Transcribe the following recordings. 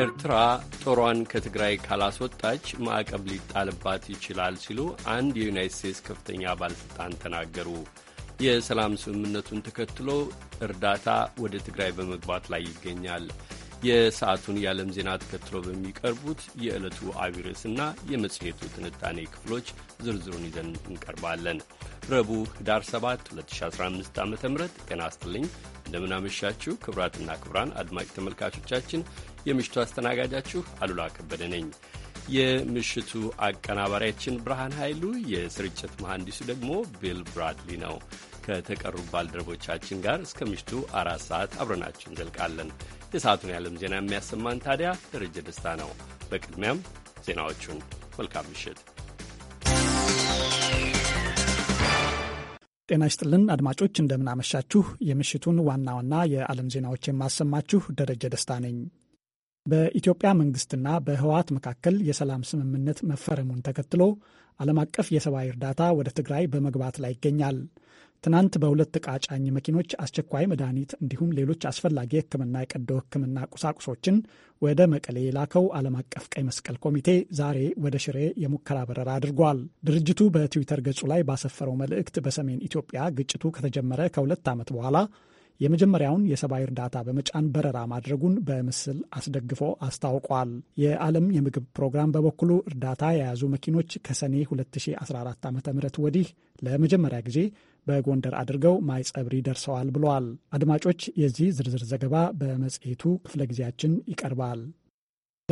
ኤርትራ ጦሯን ከትግራይ ካላስወጣች ማዕቀብ ሊጣልባት ይችላል ሲሉ አንድ የዩናይት ስቴትስ ከፍተኛ ባለሥልጣን ተናገሩ። የሰላም ስምምነቱን ተከትሎ እርዳታ ወደ ትግራይ በመግባት ላይ ይገኛል። የሰዓቱን የዓለም ዜና ተከትሎ በሚቀርቡት የዕለቱ አቢርዕስና የመጽሔቱ ትንታኔ ክፍሎች ዝርዝሩን ይዘን እንቀርባለን። ረቡዕ ህዳር 7 2015 ዓ ም ጤና ይስጥልኝ። እንደምናመሻችሁ ክቡራትና ክቡራን አድማጭ ተመልካቾቻችን የምሽቱ አስተናጋጃችሁ አሉላ ከበደ ነኝ። የምሽቱ አቀናባሪያችን ብርሃን ኃይሉ፣ የስርጭት መሐንዲሱ ደግሞ ቢል ብራድሊ ነው። ከተቀሩ ባልደረቦቻችን ጋር እስከ ምሽቱ አራት ሰዓት አብረናችሁ እንዘልቃለን። የሰዓቱን የዓለም ዜና የሚያሰማን ታዲያ ደረጀ ደስታ ነው። በቅድሚያም ዜናዎቹን። መልካም ምሽት ጤና ይስጥልን አድማጮች፣ እንደምናመሻችሁ። የምሽቱን ዋና ዋና የዓለም ዜናዎች የማሰማችሁ ደረጀ ደስታ ነኝ። በኢትዮጵያ መንግስትና በህወሓት መካከል የሰላም ስምምነት መፈረሙን ተከትሎ ዓለም አቀፍ የሰብአዊ እርዳታ ወደ ትግራይ በመግባት ላይ ይገኛል። ትናንት በሁለት ዕቃ ጫኝ መኪኖች አስቸኳይ መድኃኒት እንዲሁም ሌሎች አስፈላጊ ሕክምና የቀዶ ሕክምና ቁሳቁሶችን ወደ መቀሌ የላከው ዓለም አቀፍ ቀይ መስቀል ኮሚቴ ዛሬ ወደ ሽሬ የሙከራ በረራ አድርጓል። ድርጅቱ በትዊተር ገጹ ላይ ባሰፈረው መልእክት በሰሜን ኢትዮጵያ ግጭቱ ከተጀመረ ከሁለት ዓመት በኋላ የመጀመሪያውን የሰብአዊ እርዳታ በመጫን በረራ ማድረጉን በምስል አስደግፎ አስታውቋል። የዓለም የምግብ ፕሮግራም በበኩሉ እርዳታ የያዙ መኪኖች ከሰኔ 2014 ዓ ም ወዲህ ለመጀመሪያ ጊዜ በጎንደር አድርገው ማይጸብሪ ደርሰዋል ብለዋል። አድማጮች፣ የዚህ ዝርዝር ዘገባ በመጽሔቱ ክፍለ ጊዜያችን ይቀርባል።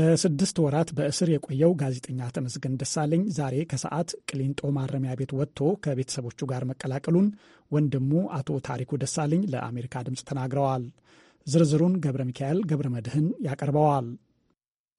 ለስድስት ወራት በእስር የቆየው ጋዜጠኛ ተመስገን ደሳለኝ ዛሬ ከሰዓት ቅሊንጦ ማረሚያ ቤት ወጥቶ ከቤተሰቦቹ ጋር መቀላቀሉን ወንድሙ አቶ ታሪኩ ደሳለኝ ለአሜሪካ ድምፅ ተናግረዋል። ዝርዝሩን ገብረ ሚካኤል ገብረ መድህን ያቀርበዋል።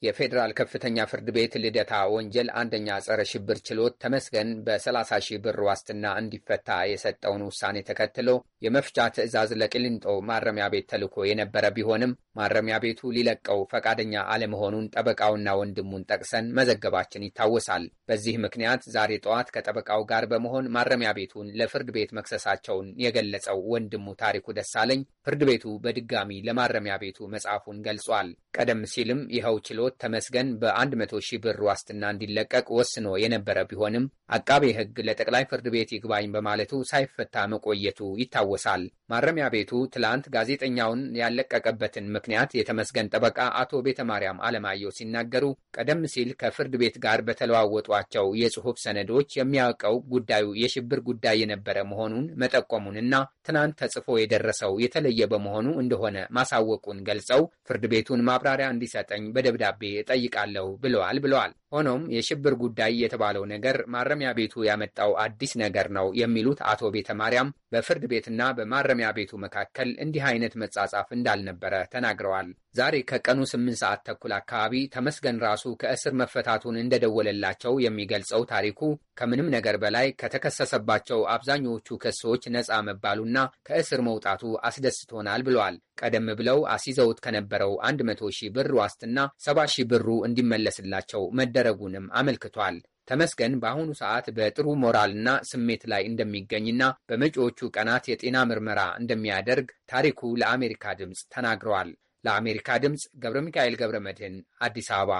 የፌዴራል ከፍተኛ ፍርድ ቤት ልደታ ወንጀል አንደኛ ጸረ ሽብር ችሎት ተመስገን በ30 ሺህ ብር ዋስትና እንዲፈታ የሰጠውን ውሳኔ ተከትሎ የመፍቻ ትዕዛዝ ለቅሊንጦ ማረሚያ ቤት ተልኮ የነበረ ቢሆንም ማረሚያ ቤቱ ሊለቀው ፈቃደኛ አለመሆኑን ጠበቃውና ወንድሙን ጠቅሰን መዘገባችን ይታወሳል። በዚህ ምክንያት ዛሬ ጠዋት ከጠበቃው ጋር በመሆን ማረሚያ ቤቱን ለፍርድ ቤት መክሰሳቸውን የገለጸው ወንድሙ ታሪኩ ደሳለኝ ፍርድ ቤቱ በድጋሚ ለማረሚያ ቤቱ መጽሐፉን ገልጿል። ቀደም ሲልም ይኸው ችሎት ተመስገን በ100 ሺህ ብር ዋስትና እንዲለቀቅ ወስኖ የነበረ ቢሆንም አቃቤ ሕግ ለጠቅላይ ፍርድ ቤት ይግባኝ በማለቱ ሳይፈታ መቆየቱ ይታወሳል። ማረሚያ ቤቱ ትላንት ጋዜጠኛውን ያለቀቀበትን ምክንያት የተመስገን ጠበቃ አቶ ቤተ ማርያም አለማየሁ ሲናገሩ ቀደም ሲል ከፍርድ ቤት ጋር በተለዋወጧቸው የጽሑፍ ሰነዶች የሚያውቀው ጉዳዩ የሽብር ጉዳይ የነበረ መሆኑን መጠቆሙንና ትናንት ተጽፎ የደረሰው የተለየ በመሆኑ እንደሆነ ማሳወቁን ገልጸው ፍርድ ቤቱን ማብ ማብራሪያ እንዲሰጠኝ በደብዳቤ እጠይቃለሁ ብለዋል ብለዋል። ሆኖም የሽብር ጉዳይ የተባለው ነገር ማረሚያ ቤቱ ያመጣው አዲስ ነገር ነው የሚሉት አቶ ቤተ ማርያም በፍርድ ቤትና በማረሚያ ቤቱ መካከል እንዲህ አይነት መጻጻፍ እንዳልነበረ ተናግረዋል። ዛሬ ከቀኑ ስምንት ሰዓት ተኩል አካባቢ ተመስገን ራሱ ከእስር መፈታቱን እንደደወለላቸው የሚገልጸው ታሪኩ ከምንም ነገር በላይ ከተከሰሰባቸው አብዛኞቹ ክሶች ነፃ መባሉና ከእስር መውጣቱ አስደስቶናል ብለዋል። ቀደም ብለው አስይዘውት ከነበረው 100 ሺህ ብር ዋስትና 7 ሺህ ብሩ እንዲመለስላቸው መደረ መደረጉንም አመልክቷል። ተመስገን በአሁኑ ሰዓት በጥሩ ሞራልና ስሜት ላይ እንደሚገኝና በመጪዎቹ ቀናት የጤና ምርመራ እንደሚያደርግ ታሪኩ ለአሜሪካ ድምፅ ተናግረዋል። ለአሜሪካ ድምፅ ገብረ ሚካኤል ገብረ መድህን አዲስ አበባ።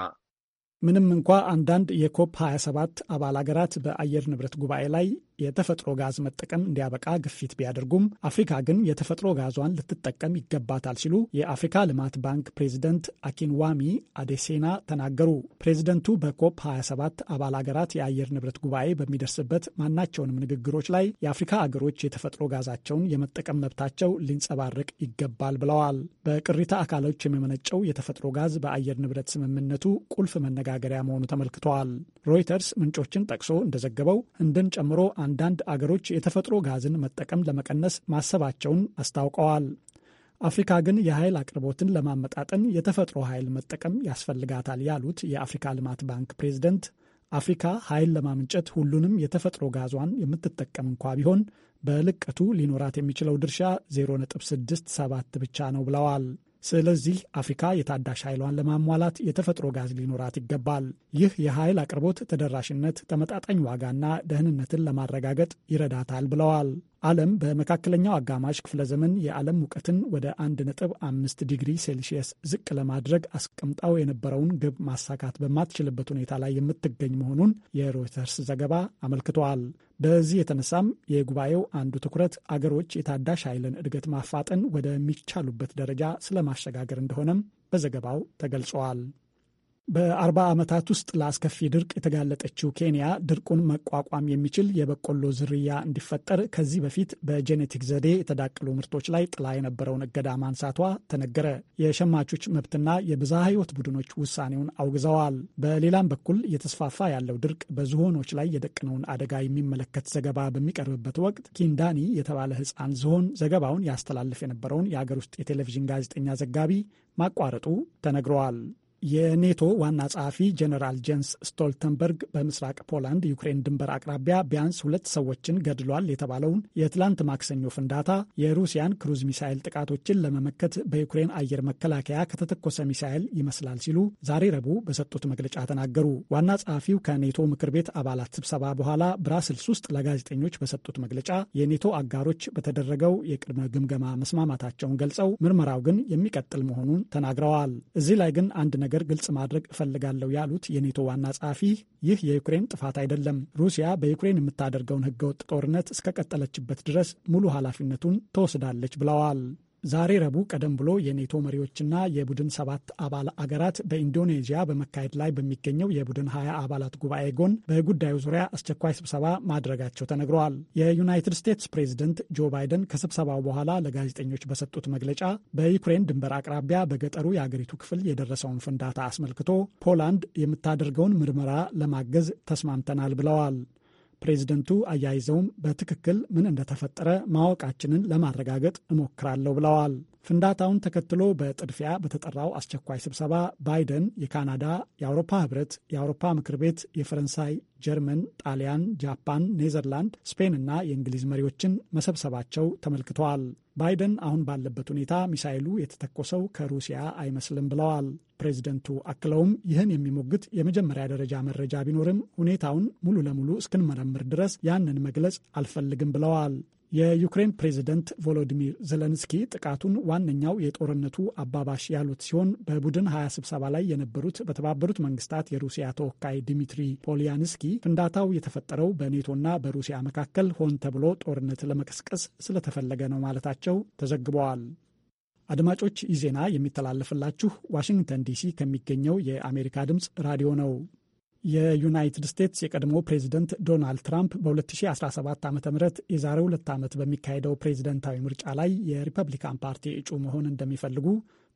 ምንም እንኳ አንዳንድ የኮፕ 27 አባል አገራት በአየር ንብረት ጉባኤ ላይ የተፈጥሮ ጋዝ መጠቀም እንዲያበቃ ግፊት ቢያደርጉም አፍሪካ ግን የተፈጥሮ ጋዟን ልትጠቀም ይገባታል ሲሉ የአፍሪካ ልማት ባንክ ፕሬዚደንት አኪንዋሚ አዴሴና ተናገሩ። ፕሬዚደንቱ በኮፕ 27 አባል አገራት የአየር ንብረት ጉባኤ በሚደርስበት ማናቸውንም ንግግሮች ላይ የአፍሪካ አገሮች የተፈጥሮ ጋዛቸውን የመጠቀም መብታቸው ሊንጸባረቅ ይገባል ብለዋል። በቅሪታ አካሎች የሚመነጨው የተፈጥሮ ጋዝ በአየር ንብረት ስምምነቱ ቁልፍ መነጋገሪያ መሆኑ ተመልክተዋል። ሮይተርስ ምንጮችን ጠቅሶ እንደዘገበው ህንድን ጨምሮ አንዳንድ አገሮች የተፈጥሮ ጋዝን መጠቀም ለመቀነስ ማሰባቸውን አስታውቀዋል። አፍሪካ ግን የኃይል አቅርቦትን ለማመጣጠን የተፈጥሮ ኃይል መጠቀም ያስፈልጋታል ያሉት የአፍሪካ ልማት ባንክ ፕሬዝደንት አፍሪካ ኃይል ለማመንጨት ሁሉንም የተፈጥሮ ጋዟን የምትጠቀም እንኳ ቢሆን በልቀቱ ሊኖራት የሚችለው ድርሻ 0.67 ብቻ ነው ብለዋል። ስለዚህ አፍሪካ የታዳሽ ኃይሏን ለማሟላት የተፈጥሮ ጋዝ ሊኖራት ይገባል። ይህ የኃይል አቅርቦት ተደራሽነት፣ ተመጣጣኝ ዋጋና ደህንነትን ለማረጋገጥ ይረዳታል ብለዋል። ዓለም በመካከለኛው አጋማሽ ክፍለ ዘመን የዓለም ሙቀትን ወደ 1.5 ዲግሪ ሴልሺየስ ዝቅ ለማድረግ አስቀምጣው የነበረውን ግብ ማሳካት በማትችልበት ሁኔታ ላይ የምትገኝ መሆኑን የሮይተርስ ዘገባ አመልክተዋል። በዚህ የተነሳም የጉባኤው አንዱ ትኩረት አገሮች የታዳሽ ኃይልን እድገት ማፋጠን ወደሚቻሉበት ደረጃ ስለማሸጋገር እንደሆነም በዘገባው ተገልጸዋል። በአርባ ዓመታት ውስጥ ለአስከፊ ድርቅ የተጋለጠችው ኬንያ ድርቁን መቋቋም የሚችል የበቆሎ ዝርያ እንዲፈጠር ከዚህ በፊት በጄኔቲክ ዘዴ የተዳቀሉ ምርቶች ላይ ጥላ የነበረውን እገዳ ማንሳቷ ተነገረ። የሸማቾች መብትና የብዝሃ ሕይወት ቡድኖች ውሳኔውን አውግዘዋል። በሌላም በኩል እየተስፋፋ ያለው ድርቅ በዝሆኖች ላይ የደቀነውን አደጋ የሚመለከት ዘገባ በሚቀርብበት ወቅት ኪንዳኒ የተባለ ሕፃን ዝሆን ዘገባውን ያስተላልፍ የነበረውን የአገር ውስጥ የቴሌቪዥን ጋዜጠኛ ዘጋቢ ማቋረጡ ተነግረዋል። የኔቶ ዋና ጸሐፊ ጀኔራል ጄንስ ስቶልተንበርግ በምስራቅ ፖላንድ ዩክሬን ድንበር አቅራቢያ ቢያንስ ሁለት ሰዎችን ገድሏል የተባለውን የትላንት ማክሰኞ ፍንዳታ የሩሲያን ክሩዝ ሚሳይል ጥቃቶችን ለመመከት በዩክሬን አየር መከላከያ ከተተኮሰ ሚሳይል ይመስላል ሲሉ ዛሬ ረቡዕ በሰጡት መግለጫ ተናገሩ። ዋና ጸሐፊው ከኔቶ ምክር ቤት አባላት ስብሰባ በኋላ ብራስልስ ውስጥ ለጋዜጠኞች በሰጡት መግለጫ የኔቶ አጋሮች በተደረገው የቅድመ ግምገማ መስማማታቸውን ገልጸው ምርመራው ግን የሚቀጥል መሆኑን ተናግረዋል። እዚህ ላይ ግን አንድ ነገር ነገር ግልጽ ማድረግ እፈልጋለሁ ያሉት የኔቶ ዋና ጸሐፊ ይህ የዩክሬን ጥፋት አይደለም፣ ሩሲያ በዩክሬን የምታደርገውን ህገወጥ ጦርነት እስከቀጠለችበት ድረስ ሙሉ ኃላፊነቱን ትወስዳለች ብለዋል። ዛሬ ረቡዕ ቀደም ብሎ የኔቶ መሪዎችና የቡድን ሰባት አባል አገራት በኢንዶኔዥያ በመካሄድ ላይ በሚገኘው የቡድን ሀያ አባላት ጉባኤ ጎን በጉዳዩ ዙሪያ አስቸኳይ ስብሰባ ማድረጋቸው ተነግረዋል። የዩናይትድ ስቴትስ ፕሬዝደንት ጆ ባይደን ከስብሰባው በኋላ ለጋዜጠኞች በሰጡት መግለጫ በዩክሬን ድንበር አቅራቢያ በገጠሩ የአገሪቱ ክፍል የደረሰውን ፍንዳታ አስመልክቶ ፖላንድ የምታደርገውን ምርመራ ለማገዝ ተስማምተናል ብለዋል። ፕሬዚደንቱ አያይዘውም በትክክል ምን እንደተፈጠረ ማወቃችንን ለማረጋገጥ እሞክራለሁ ብለዋል። ፍንዳታውን ተከትሎ በጥድፊያ በተጠራው አስቸኳይ ስብሰባ ባይደን የካናዳ፣ የአውሮፓ ህብረት፣ የአውሮፓ ምክር ቤት፣ የፈረንሳይ፣ ጀርመን፣ ጣሊያን፣ ጃፓን፣ ኔዘርላንድ፣ ስፔንና የእንግሊዝ መሪዎችን መሰብሰባቸው ተመልክተዋል። ባይደን አሁን ባለበት ሁኔታ ሚሳይሉ የተተኮሰው ከሩሲያ አይመስልም ብለዋል። ፕሬዚደንቱ አክለውም ይህን የሚሞግት የመጀመሪያ ደረጃ መረጃ ቢኖርም ሁኔታውን ሙሉ ለሙሉ እስክንመረምር ድረስ ያንን መግለጽ አልፈልግም ብለዋል። የዩክሬን ፕሬዝደንት ቮሎዲሚር ዘለንስኪ ጥቃቱን ዋነኛው የጦርነቱ አባባሽ ያሉት ሲሆን በቡድን ሀያ ስብሰባ ላይ የነበሩት በተባበሩት መንግስታት የሩሲያ ተወካይ ዲሚትሪ ፖሊያንስኪ ፍንዳታው የተፈጠረው በኔቶና በሩሲያ መካከል ሆን ተብሎ ጦርነት ለመቀስቀስ ስለተፈለገ ነው ማለታቸው ተዘግበዋል። አድማጮች ይህ ዜና የሚተላለፍላችሁ ዋሽንግተን ዲሲ ከሚገኘው የአሜሪካ ድምፅ ራዲዮ ነው። የዩናይትድ ስቴትስ የቀድሞ ፕሬዚደንት ዶናልድ ትራምፕ በ2017 ዓ ም የዛሬ ሁለት ዓመት በሚካሄደው ፕሬዚደንታዊ ምርጫ ላይ የሪፐብሊካን ፓርቲ እጩ መሆን እንደሚፈልጉ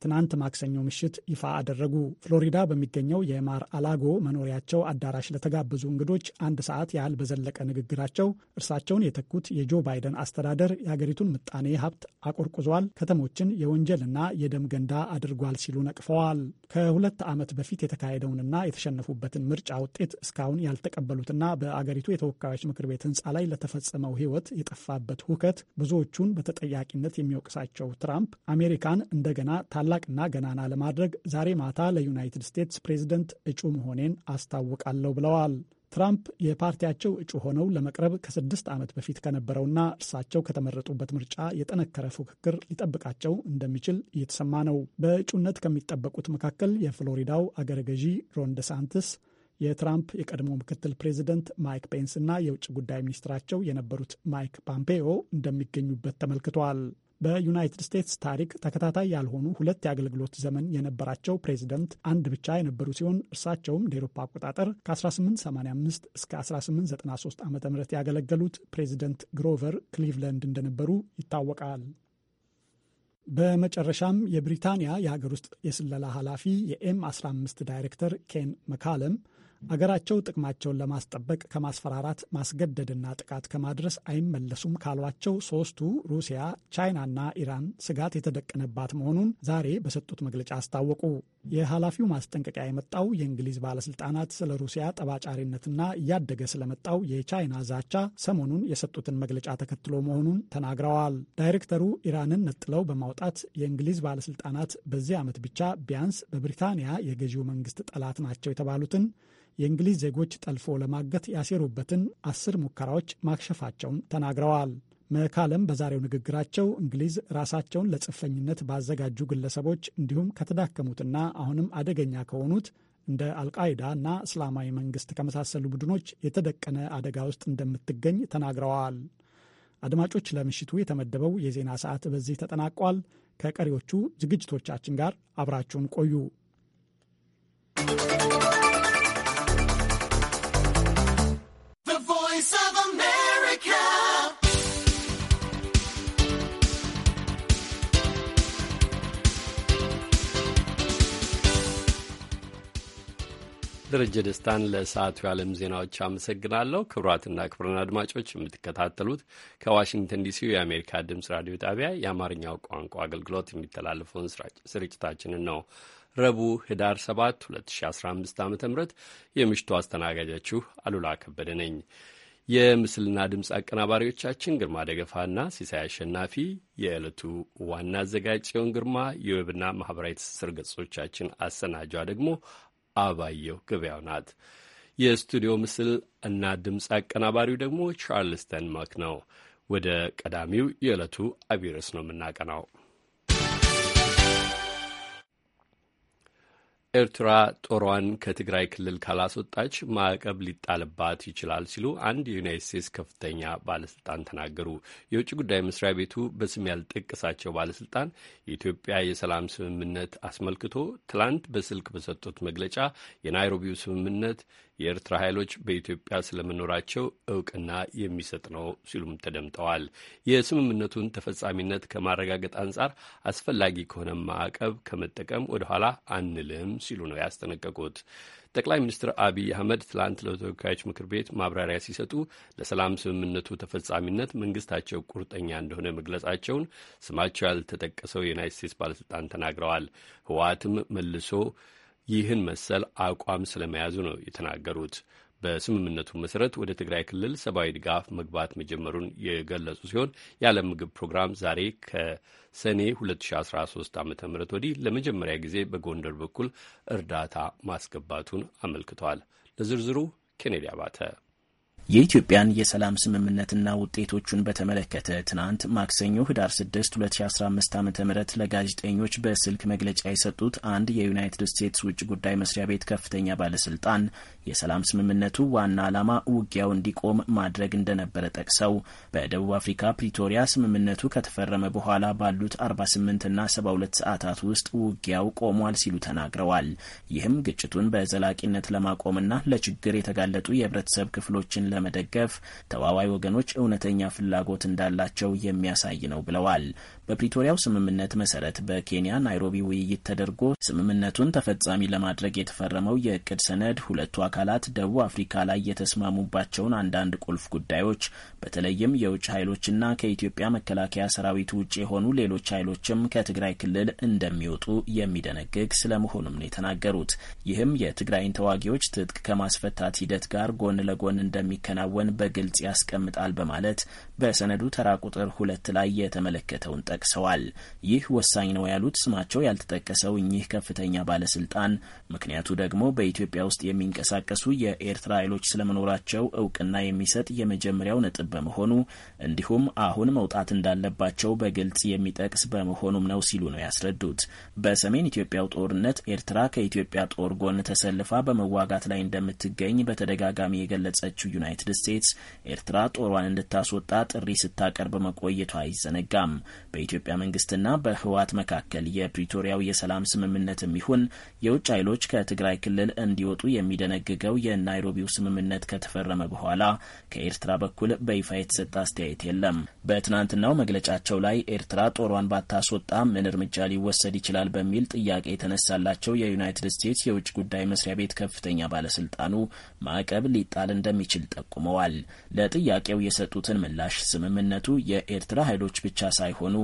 ትናንት ማክሰኞ ምሽት ይፋ አደረጉ። ፍሎሪዳ በሚገኘው የማር አላጎ መኖሪያቸው አዳራሽ ለተጋበዙ እንግዶች አንድ ሰዓት ያህል በዘለቀ ንግግራቸው እርሳቸውን የተኩት የጆ ባይደን አስተዳደር የሀገሪቱን ምጣኔ ሀብት አቆርቁዟል፣ ከተሞችን የወንጀልና የደም ገንዳ አድርጓል ሲሉ ነቅፈዋል። ከሁለት ዓመት በፊት የተካሄደውንና የተሸነፉበትን ምርጫ ውጤት እስካሁን ያልተቀበሉትና በአገሪቱ የተወካዮች ምክር ቤት ህንፃ ላይ ለተፈጸመው ህይወት የጠፋበት ሁከት ብዙዎቹን በተጠያቂነት የሚወቅሳቸው ትራምፕ አሜሪካን እንደገና ታላ ታላቅና ገናና ለማድረግ ዛሬ ማታ ለዩናይትድ ስቴትስ ፕሬዝደንት እጩ መሆኔን አስታውቃለሁ ብለዋል። ትራምፕ የፓርቲያቸው እጩ ሆነው ለመቅረብ ከስድስት ዓመት በፊት ከነበረውና እርሳቸው ከተመረጡበት ምርጫ የጠነከረ ፉክክር ሊጠብቃቸው እንደሚችል እየተሰማ ነው። በእጩነት ከሚጠበቁት መካከል የፍሎሪዳው አገረ ገዢ ሮን ደሳንትስ፣ የትራምፕ የቀድሞ ምክትል ፕሬዚደንት ማይክ ፔንስ እና የውጭ ጉዳይ ሚኒስትራቸው የነበሩት ማይክ ፓምፔዮ እንደሚገኙበት ተመልክቷል። በዩናይትድ ስቴትስ ታሪክ ተከታታይ ያልሆኑ ሁለት የአገልግሎት ዘመን የነበራቸው ፕሬዚደንት አንድ ብቻ የነበሩ ሲሆን እርሳቸውም እንደ ኤሮፓ አቆጣጠር ከ1885 እስከ 1893 ዓ ም ያገለገሉት ፕሬዚደንት ግሮቨር ክሊቭለንድ እንደነበሩ ይታወቃል። በመጨረሻም የብሪታንያ የሀገር ውስጥ የስለላ ኃላፊ የኤም 15 ዳይሬክተር ኬን መካለም አገራቸው ጥቅማቸውን ለማስጠበቅ ከማስፈራራት ማስገደድና ጥቃት ከማድረስ አይመለሱም ካሏቸው ሶስቱ ሩሲያ፣ ቻይናና ኢራን ስጋት የተደቀነባት መሆኑን ዛሬ በሰጡት መግለጫ አስታወቁ። የኃላፊው ማስጠንቀቂያ የመጣው የእንግሊዝ ባለስልጣናት ስለ ሩሲያ ጠባጫሪነትና እያደገ ስለመጣው የቻይና ዛቻ ሰሞኑን የሰጡትን መግለጫ ተከትሎ መሆኑን ተናግረዋል። ዳይሬክተሩ ኢራንን ነጥለው በማውጣት የእንግሊዝ ባለስልጣናት በዚህ ዓመት ብቻ ቢያንስ በብሪታንያ የገዢው መንግስት ጠላት ናቸው የተባሉትን የእንግሊዝ ዜጎች ጠልፎ ለማገት ያሴሩበትን አስር ሙከራዎች ማክሸፋቸውን ተናግረዋል። መካለም በዛሬው ንግግራቸው እንግሊዝ ራሳቸውን ለጽንፈኝነት ባዘጋጁ ግለሰቦች እንዲሁም ከተዳከሙትና አሁንም አደገኛ ከሆኑት እንደ አልቃይዳ እና እስላማዊ መንግስት ከመሳሰሉ ቡድኖች የተደቀነ አደጋ ውስጥ እንደምትገኝ ተናግረዋል። አድማጮች፣ ለምሽቱ የተመደበው የዜና ሰዓት በዚህ ተጠናቋል። ከቀሪዎቹ ዝግጅቶቻችን ጋር አብራችሁን ቆዩ። ደረጀ ደስታን ለሰዓቱ የዓለም ዜናዎች አመሰግናለሁ። ክቡራትና ክቡራን አድማጮች የምትከታተሉት ከዋሽንግተን ዲሲ የአሜሪካ ድምፅ ራዲዮ ጣቢያ የአማርኛው ቋንቋ አገልግሎት የሚተላለፈውን ስርጭታችንን ነው። ረቡዕ ህዳር 7 2015 ዓ ም የምሽቱ አስተናጋጃችሁ አሉላ ከበደ ነኝ። የምስልና ድምፅ አቀናባሪዎቻችን ግርማ ደገፋና ሲሳይ አሸናፊ፣ የዕለቱ ዋና አዘጋጅ ጽዮን ግርማ፣ የዌብና ማኅበራዊ ትስስር ገጾቻችን አሰናጇ ደግሞ አባየው ገበያው ናት። የስቱዲዮ ምስል እና ድምፅ አቀናባሪው ደግሞ ቻርልስተን ማክ ነው። ወደ ቀዳሚው የዕለቱ አቢረስ ነው የምናቀናው። ኤርትራ ጦሯን ከትግራይ ክልል ካላስወጣች ማዕቀብ ሊጣልባት ይችላል ሲሉ አንድ የዩናይት ስቴትስ ከፍተኛ ባለስልጣን ተናገሩ። የውጭ ጉዳይ መስሪያ ቤቱ በስም ያልጠቀሳቸው ባለስልጣን የኢትዮጵያ የሰላም ስምምነት አስመልክቶ ትላንት በስልክ በሰጡት መግለጫ የናይሮቢው ስምምነት የኤርትራ ኃይሎች በኢትዮጵያ ስለመኖራቸው እውቅና የሚሰጥ ነው ሲሉም ተደምጠዋል። የስምምነቱን ተፈጻሚነት ከማረጋገጥ አንጻር አስፈላጊ ከሆነ ማዕቀብ ከመጠቀም ወደ ኋላ አንልም ሲሉ ነው ያስጠነቀቁት። ጠቅላይ ሚኒስትር አብይ አህመድ ትላንት ለተወካዮች ምክር ቤት ማብራሪያ ሲሰጡ ለሰላም ስምምነቱ ተፈጻሚነት መንግስታቸው ቁርጠኛ እንደሆነ መግለጻቸውን ስማቸው ያልተጠቀሰው የዩናይት ስቴትስ ባለስልጣን ተናግረዋል። ህወሓትም መልሶ ይህን መሰል አቋም ስለመያዙ ነው የተናገሩት። በስምምነቱ መሰረት ወደ ትግራይ ክልል ሰብአዊ ድጋፍ መግባት መጀመሩን የገለጹ ሲሆን የዓለም ምግብ ፕሮግራም ዛሬ ከሰኔ 2013 ዓ ም ወዲህ ለመጀመሪያ ጊዜ በጎንደር በኩል እርዳታ ማስገባቱን አመልክቷል። ለዝርዝሩ ኬኔዲ አባተ የኢትዮጵያን የሰላም ስምምነትና ውጤቶቹን በተመለከተ ትናንት ማክሰኞ ህዳር 6 2015 ዓ ም ለጋዜጠኞች በስልክ መግለጫ የሰጡት አንድ የዩናይትድ ስቴትስ ውጭ ጉዳይ መስሪያ ቤት ከፍተኛ ባለስልጣን የሰላም ስምምነቱ ዋና ዓላማ ውጊያው እንዲቆም ማድረግ እንደነበረ ጠቅሰው በደቡብ አፍሪካ ፕሪቶሪያ ስምምነቱ ከተፈረመ በኋላ ባሉት 48ና 72 ሰዓታት ውስጥ ውጊያው ቆሟል ሲሉ ተናግረዋል። ይህም ግጭቱን በዘላቂነት ለማቆምና ለችግር የተጋለጡ የህብረተሰብ ክፍሎችን ለመደገፍ ተዋዋይ ወገኖች እውነተኛ ፍላጎት እንዳላቸው የሚያሳይ ነው ብለዋል። በፕሪቶሪያው ስምምነት መሰረት በኬንያ ናይሮቢ ውይይት ተደርጎ ስምምነቱን ተፈጻሚ ለማድረግ የተፈረመው የእቅድ ሰነድ ሁለቱ አካላት ደቡብ አፍሪካ ላይ የተስማሙባቸውን አንዳንድ ቁልፍ ጉዳዮች በተለይም የውጭ ኃይሎችና ከኢትዮጵያ መከላከያ ሰራዊት ውጭ የሆኑ ሌሎች ኃይሎችም ከትግራይ ክልል እንደሚወጡ የሚደነግግ ስለመሆኑም ነው የተናገሩት። ይህም የትግራይን ተዋጊዎች ትጥቅ ከማስፈታት ሂደት ጋር ጎን ለጎን እንደሚከናወን በግልጽ ያስቀምጣል በማለት በሰነዱ ተራ ቁጥር ሁለት ላይ የተመለከተውን ጠቅሰዋል። ይህ ወሳኝ ነው ያሉት ስማቸው ያልተጠቀሰው እኚህ ከፍተኛ ባለስልጣን ምክንያቱ ደግሞ በኢትዮጵያ ውስጥ የሚንቀሳቀሱ የኤርትራ ኃይሎች ስለመኖራቸው እውቅና የሚሰጥ የመጀመሪያው ነጥብ በመሆኑ እንዲሁም አሁን መውጣት እንዳለባቸው በግልጽ የሚጠቅስ በመሆኑም ነው ሲሉ ነው ያስረዱት። በሰሜን ኢትዮጵያው ጦርነት ኤርትራ ከኢትዮጵያ ጦር ጎን ተሰልፋ በመዋጋት ላይ እንደምትገኝ በተደጋጋሚ የገለጸችው ዩናይትድ ስቴትስ ኤርትራ ጦሯን እንድታስወጣ ጥሪ ስታቀርብ መቆየቷ አይዘነጋም። በኢትዮጵያ መንግስትና በህወሓት መካከል የፕሪቶሪያው የሰላም ስምምነት የሚሆን የውጭ ኃይሎች ከትግራይ ክልል እንዲወጡ የሚደነግገው የናይሮቢው ስምምነት ከተፈረመ በኋላ ከኤርትራ በኩል በይፋ የተሰጠ አስተያየት የለም። በትናንትናው መግለጫቸው ላይ ኤርትራ ጦሯን ባታስወጣ ምን እርምጃ ሊወሰድ ይችላል በሚል ጥያቄ የተነሳላቸው የዩናይትድ ስቴትስ የውጭ ጉዳይ መስሪያ ቤት ከፍተኛ ባለስልጣኑ ማዕቀብ ሊጣል እንደሚችል ጠቁመዋል። ለጥያቄው የሰጡትን ምላሽ ስምምነቱ የኤርትራ ኃይሎች ብቻ ሳይሆኑ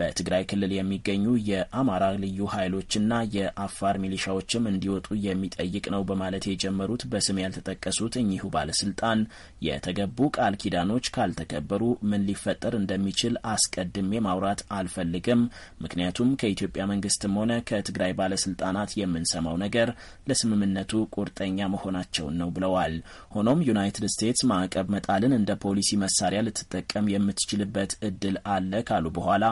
በትግራይ ክልል የሚገኙ የአማራ ልዩ ኃይሎችና የአፋር ሚሊሻዎችም እንዲወጡ የሚጠይቅ ነው በማለት የጀመሩት በስም ያልተጠቀሱት እኚሁ ባለስልጣን የተገቡ ቃል ኪዳኖች ካልተከበሩ ምን ሊፈጠር እንደሚችል አስቀድሜ ማውራት አልፈልግም፣ ምክንያቱም ከኢትዮጵያ መንግስትም ሆነ ከትግራይ ባለስልጣናት የምንሰማው ነገር ለስምምነቱ ቁርጠኛ መሆናቸውን ነው ብለዋል። ሆኖም ዩናይትድ ስቴትስ ማዕቀብ መጣልን እንደ ፖሊሲ መሳሪያ ልትጠቀም የምትችልበት እድል አለ ካሉ በኋላ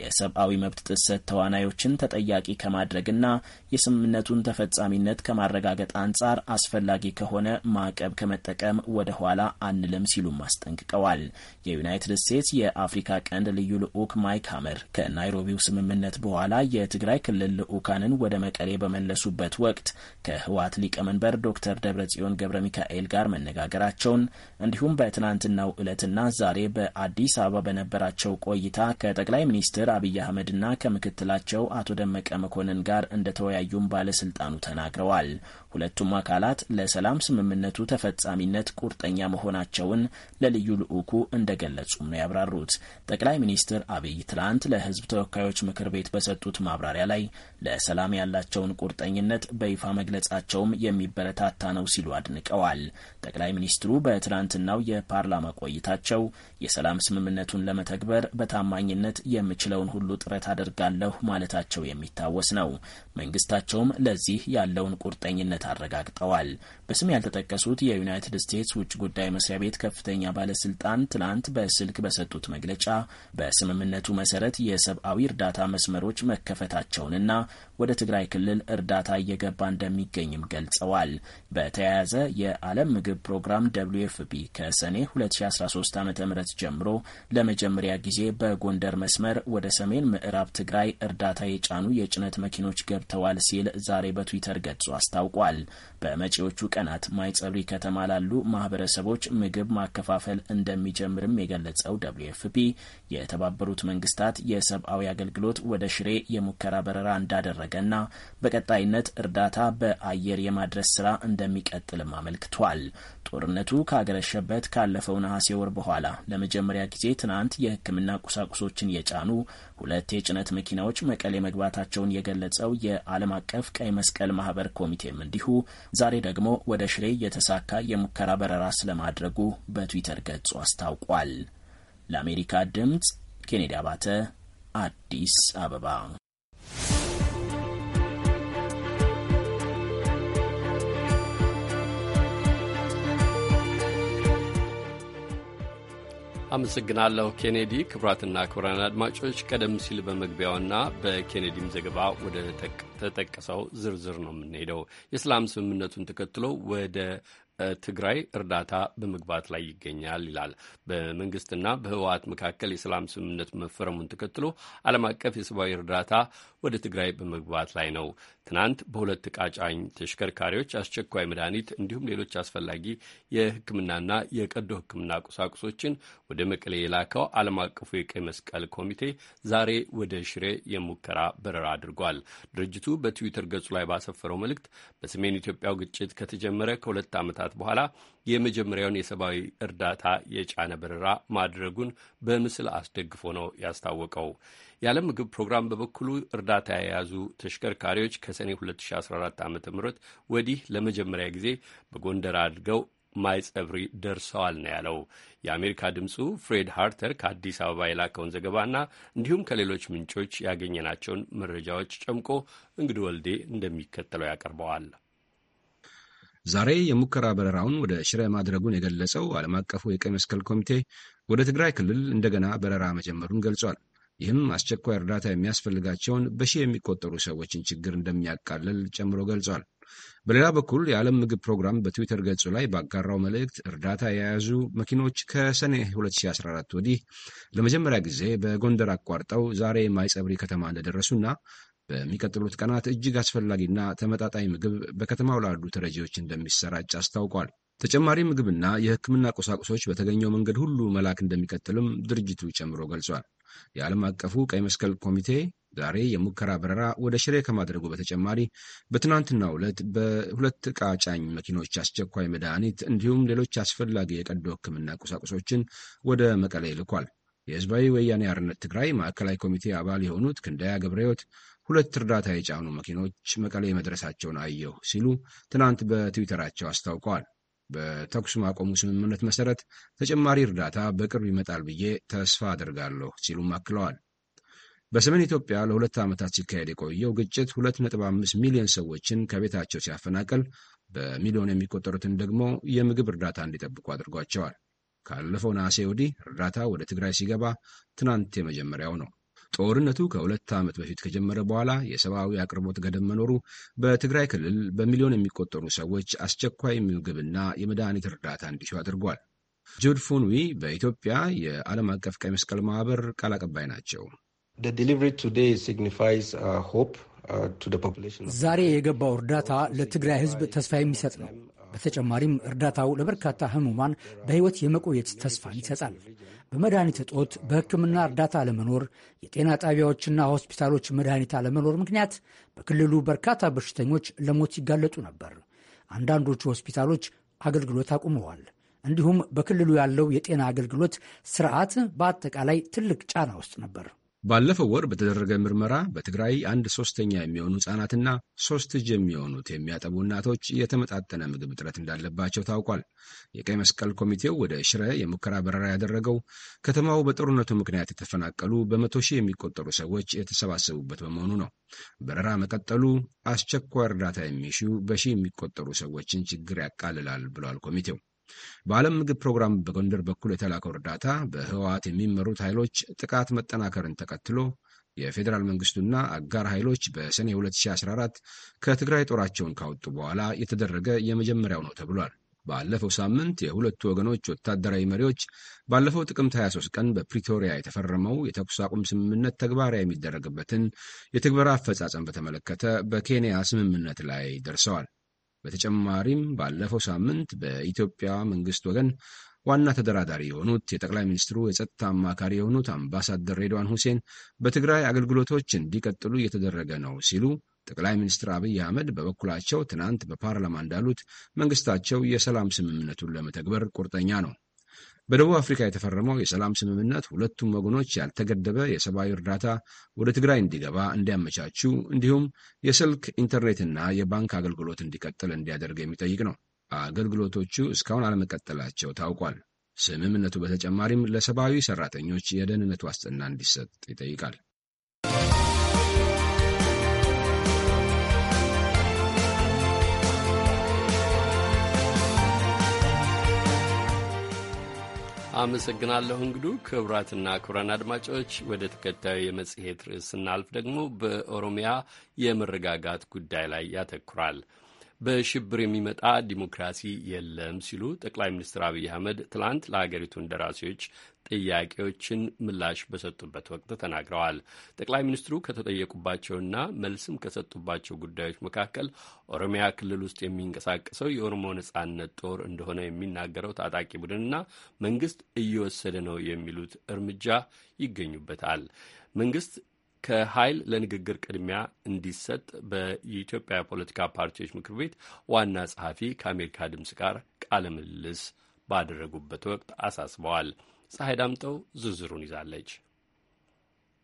የሰብአዊ መብት ጥሰት ተዋናዮችን ተጠያቂ ከማድረግና የስምምነቱን ተፈጻሚነት ከማረጋገጥ አንጻር አስፈላጊ ከሆነ ማዕቀብ ከመጠቀም ወደ ኋላ አንልም ሲሉም አስጠንቅቀዋል። የዩናይትድ ስቴትስ የአፍሪካ ቀንድ ልዩ ልዑክ ማይክ ሀመር ከናይሮቢው ስምምነት በኋላ የትግራይ ክልል ልዑካንን ወደ መቀሌ በመለሱበት ወቅት ከህወሓት ሊቀመንበር ዶክተር ደብረጽዮን ገብረ ሚካኤል ጋር መነጋገራቸውን እንዲሁም በትናንትናው ዕለትና ዛሬ በአዲስ አበባ በነበራቸው ቆይታ ከጠቅላይ ሚኒስትር ሚኒስትር አብይ አህመድና ከምክትላቸው አቶ ደመቀ መኮንን ጋር እንደተወያዩም ባለስልጣኑ ተናግረዋል። ሁለቱም አካላት ለሰላም ስምምነቱ ተፈጻሚነት ቁርጠኛ መሆናቸውን ለልዩ ልዑኩ እንደገለጹም ነው ያብራሩት። ጠቅላይ ሚኒስትር አብይ ትላንት ለሕዝብ ተወካዮች ምክር ቤት በሰጡት ማብራሪያ ላይ ለሰላም ያላቸውን ቁርጠኝነት በይፋ መግለጻቸውም የሚበረታታ ነው ሲሉ አድንቀዋል። ጠቅላይ ሚኒስትሩ በትናንትናው የፓርላማ ቆይታቸው የሰላም ስምምነቱን ለመተግበር በታማኝነት የምችለውን ሁሉ ጥረት አድርጋለሁ ማለታቸው የሚታወስ ነው። መንግስታቸውም ለዚህ ያለውን ቁርጠኝነት አረጋግጠዋል። በስም ያልተጠቀሱት የዩናይትድ ስቴትስ ውጭ ጉዳይ መስሪያ ቤት ከፍተኛ ባለስልጣን ትናንት በስልክ በሰጡት መግለጫ በስምምነቱ መሰረት የሰብአዊ እርዳታ መስመሮች መከፈታቸውንና ወደ ትግራይ ክልል እርዳታ እየገባ እንደሚገኝም ገልጸዋል። በተያያዘ የዓለም ምግብ ፕሮግራም ደብልዩ ኤፍ ፒ ከሰኔ 2013 ዓ ም ጀምሮ ለመጀመሪያ ጊዜ በጎንደር መስመር ወደ ሰሜን ምዕራብ ትግራይ እርዳታ የጫኑ የጭነት መኪኖች ገብተዋል ሲል ዛሬ በትዊተር ገጹ አስታውቋል። በመጪዎቹ ቀናት ማይጸብሪ ከተማ ላሉ ማህበረሰቦች ምግብ ማከፋፈል እንደሚጀምርም የገለጸው ደብሊው ኤፍ ፒ የተባበሩት መንግስታት የሰብአዊ አገልግሎት ወደ ሽሬ የሙከራ በረራ እንዳደረገና በቀጣይነት እርዳታ በአየር የማድረስ ስራ እንደሚቀጥልም አመልክቷል። ጦርነቱ ካገረሸበት ካለፈው ነሐሴ ወር በኋላ ለመጀመሪያ ጊዜ ትናንት የህክምና ቁሳቁሶችን የጫኑ ሁለት የጭነት መኪናዎች መቀሌ መግባታቸውን የገለጸው የዓለም አቀፍ ቀይ መስቀል ማህበር ኮሚቴም እንዲሁ ዛሬ ደግሞ ወደ ሽሬ የተሳካ የሙከራ በረራ ስለማድረጉ በትዊተር ገጹ አስታውቋል። ለአሜሪካ ድምፅ ኬኔዲ አባተ አዲስ አበባ አመሰግናለሁ ኬኔዲ። ክቡራትና ክቡራን አድማጮች ቀደም ሲል በመግቢያውና በኬኔዲም ዘገባ ወደ ተጠቀሰው ዝርዝር ነው የምንሄደው። የሰላም ስምምነቱን ተከትሎ ወደ ትግራይ እርዳታ በመግባት ላይ ይገኛል ይላል። በመንግስትና በህወሀት መካከል የሰላም ስምምነት መፈረሙን ተከትሎ ዓለም አቀፍ የሰብአዊ እርዳታ ወደ ትግራይ በመግባት ላይ ነው። ትናንት በሁለት ዕቃ ጫኝ ተሽከርካሪዎች አስቸኳይ መድኃኒት እንዲሁም ሌሎች አስፈላጊ የሕክምናና የቀዶ ሕክምና ቁሳቁሶችን ወደ መቀሌ የላከው ዓለም አቀፉ የቀይ መስቀል ኮሚቴ ዛሬ ወደ ሽሬ የሙከራ በረራ አድርጓል። ድርጅቱ በትዊተር ገጹ ላይ ባሰፈረው መልእክት በሰሜን ኢትዮጵያው ግጭት ከተጀመረ ከሁለት ዓመታት በኋላ የመጀመሪያውን የሰብአዊ እርዳታ የጫነ በረራ ማድረጉን በምስል አስደግፎ ነው ያስታወቀው። የዓለም ምግብ ፕሮግራም በበኩሉ እርዳታ የያዙ ተሽከርካሪዎች ከሰኔ 2014 ዓ ም ወዲህ ለመጀመሪያ ጊዜ በጎንደር አድርገው ማይጸብሪ ደርሰዋል ነው ያለው። የአሜሪካ ድምፁ ፍሬድ ሃርተር ከአዲስ አበባ የላከውን ዘገባና እንዲሁም ከሌሎች ምንጮች ያገኘናቸውን መረጃዎች ጨምቆ እንግድ ወልዴ እንደሚከተለው ያቀርበዋል። ዛሬ የሙከራ በረራውን ወደ ሽረ ማድረጉን የገለጸው ዓለም አቀፉ የቀይ መስቀል ኮሚቴ ወደ ትግራይ ክልል እንደገና በረራ መጀመሩን ገልጿል። ይህም አስቸኳይ እርዳታ የሚያስፈልጋቸውን በሺህ የሚቆጠሩ ሰዎችን ችግር እንደሚያቃልል ጨምሮ ገልጿል። በሌላ በኩል የዓለም ምግብ ፕሮግራም በትዊተር ገጹ ላይ ባጋራው መልእክት እርዳታ የያዙ መኪኖች ከሰኔ 2014 ወዲህ ለመጀመሪያ ጊዜ በጎንደር አቋርጠው ዛሬ ማይጸብሪ ከተማ እንደደረሱና በሚቀጥሉት ቀናት እጅግ አስፈላጊና ተመጣጣኝ ምግብ በከተማው ላሉ ተረጂዎች እንደሚሰራጭ አስታውቋል። ተጨማሪ ምግብና የሕክምና ቁሳቁሶች በተገኘው መንገድ ሁሉ መላክ እንደሚቀጥልም ድርጅቱ ጨምሮ ገልጿል። የዓለም አቀፉ ቀይ መስቀል ኮሚቴ ዛሬ የሙከራ በረራ ወደ ሽሬ ከማድረጉ በተጨማሪ በትናንትናው ዕለት በሁለት ዕቃ ጫኝ መኪኖች አስቸኳይ መድኃኒት እንዲሁም ሌሎች አስፈላጊ የቀዶ ሕክምና ቁሳቁሶችን ወደ መቀሌ ልኳል። የህዝባዊ ወያኔ አርነት ትግራይ ማዕከላዊ ኮሚቴ አባል የሆኑት ክንዳያ ገብረሕይወት ሁለት እርዳታ የጫኑ መኪኖች መቀሌ መድረሳቸውን አየሁ ሲሉ ትናንት በትዊተራቸው አስታውቀዋል። በተኩስ ማቆሙ ስምምነት መሰረት ተጨማሪ እርዳታ በቅርብ ይመጣል ብዬ ተስፋ አደርጋለሁ ሲሉም አክለዋል። በሰሜን ኢትዮጵያ ለሁለት ዓመታት ሲካሄድ የቆየው ግጭት 2.5 ሚሊዮን ሰዎችን ከቤታቸው ሲያፈናቅል በሚሊዮን የሚቆጠሩትን ደግሞ የምግብ እርዳታ እንዲጠብቁ አድርጓቸዋል። ካለፈው ነሐሴ ወዲህ እርዳታ ወደ ትግራይ ሲገባ ትናንት የመጀመሪያው ነው። ጦርነቱ ከሁለት ዓመት በፊት ከጀመረ በኋላ የሰብአዊ አቅርቦት ገደብ መኖሩ በትግራይ ክልል በሚሊዮን የሚቆጠሩ ሰዎች አስቸኳይ ምግብና የመድኃኒት እርዳታ እንዲሹ አድርጓል። ጁድ ፉንዊ በኢትዮጵያ የዓለም አቀፍ ቀይ መስቀል ማህበር ቃል አቀባይ ናቸው። uh, ዛሬ የገባው እርዳታ ለትግራይ ሕዝብ ተስፋ የሚሰጥ ነው። በተጨማሪም እርዳታው ለበርካታ ሕሙማን በሕይወት የመቆየት ተስፋን ይሰጣል። በመድኃኒት እጦት፣ በሕክምና እርዳታ አለመኖር፣ የጤና ጣቢያዎችና ሆስፒታሎች መድኃኒት አለመኖር ምክንያት በክልሉ በርካታ በሽተኞች ለሞት ሲጋለጡ ነበር። አንዳንዶቹ ሆስፒታሎች አገልግሎት አቁመዋል። እንዲሁም በክልሉ ያለው የጤና አገልግሎት ስርዓት በአጠቃላይ ትልቅ ጫና ውስጥ ነበር። ባለፈው ወር በተደረገ ምርመራ በትግራይ አንድ ሶስተኛ የሚሆኑ ህጻናትና ሶስት እጅ የሚሆኑት የሚያጠቡ እናቶች የተመጣጠነ ምግብ እጥረት እንዳለባቸው ታውቋል። የቀይ መስቀል ኮሚቴው ወደ ሽረ የሙከራ በረራ ያደረገው ከተማው በጦርነቱ ምክንያት የተፈናቀሉ በመቶ ሺህ የሚቆጠሩ ሰዎች የተሰባሰቡበት በመሆኑ ነው። በረራ መቀጠሉ አስቸኳይ እርዳታ የሚሹ በሺህ የሚቆጠሩ ሰዎችን ችግር ያቃልላል ብሏል ኮሚቴው። በዓለም ምግብ ፕሮግራም በጎንደር በኩል የተላከው እርዳታ በህወሓት የሚመሩት ኃይሎች ጥቃት መጠናከርን ተከትሎ የፌዴራል መንግስቱና አጋር ኃይሎች በሰኔ 2014 ከትግራይ ጦራቸውን ካወጡ በኋላ የተደረገ የመጀመሪያው ነው ተብሏል። ባለፈው ሳምንት የሁለቱ ወገኖች ወታደራዊ መሪዎች ባለፈው ጥቅምት 23 ቀን በፕሪቶሪያ የተፈረመው የተኩስ አቁም ስምምነት ተግባራዊ የሚደረግበትን የትግበራ አፈጻጸም በተመለከተ በኬንያ ስምምነት ላይ ደርሰዋል። በተጨማሪም ባለፈው ሳምንት በኢትዮጵያ መንግስት ወገን ዋና ተደራዳሪ የሆኑት የጠቅላይ ሚኒስትሩ የጸጥታ አማካሪ የሆኑት አምባሳደር ሬድዋን ሁሴን በትግራይ አገልግሎቶች እንዲቀጥሉ እየተደረገ ነው ሲሉ ጠቅላይ ሚኒስትር አብይ አህመድ በበኩላቸው ትናንት በፓርላማ እንዳሉት መንግስታቸው የሰላም ስምምነቱን ለመተግበር ቁርጠኛ ነው። በደቡብ አፍሪካ የተፈረመው የሰላም ስምምነት ሁለቱም ወገኖች ያልተገደበ የሰብአዊ እርዳታ ወደ ትግራይ እንዲገባ እንዲያመቻቹ እንዲሁም የስልክ ኢንተርኔትና የባንክ አገልግሎት እንዲቀጥል እንዲያደርግ የሚጠይቅ ነው። አገልግሎቶቹ እስካሁን አለመቀጠላቸው ታውቋል። ስምምነቱ በተጨማሪም ለሰብአዊ ሰራተኞች የደህንነት ዋስትና እንዲሰጥ ይጠይቃል። አመሰግናለሁ እንግዱ። ክቡራትና ክቡራን አድማጮች ወደ ተከታዩ የመጽሔት ርዕስ ስናልፍ ደግሞ በኦሮሚያ የመረጋጋት ጉዳይ ላይ ያተኩራል። በሽብር የሚመጣ ዲሞክራሲ የለም ሲሉ ጠቅላይ ሚኒስትር አብይ አህመድ ትላንት ለሀገሪቱ እንደራሴዎች ጥያቄዎችን ምላሽ በሰጡበት ወቅት ተናግረዋል። ጠቅላይ ሚኒስትሩ ከተጠየቁባቸውና መልስም ከሰጡባቸው ጉዳዮች መካከል ኦሮሚያ ክልል ውስጥ የሚንቀሳቀሰው የኦሮሞ ነጻነት ጦር እንደሆነ የሚናገረው ታጣቂ ቡድንና መንግስት እየወሰደ ነው የሚሉት እርምጃ ይገኙበታል። መንግስት ከኃይል ለንግግር ቅድሚያ እንዲሰጥ በኢትዮጵያ ፖለቲካ ፓርቲዎች ምክር ቤት ዋና ጸሐፊ ከአሜሪካ ድምፅ ጋር ቃለ ምልልስ ባደረጉበት ወቅት አሳስበዋል። ፀሐይ ዳምጠው ዝርዝሩን ይዛለች።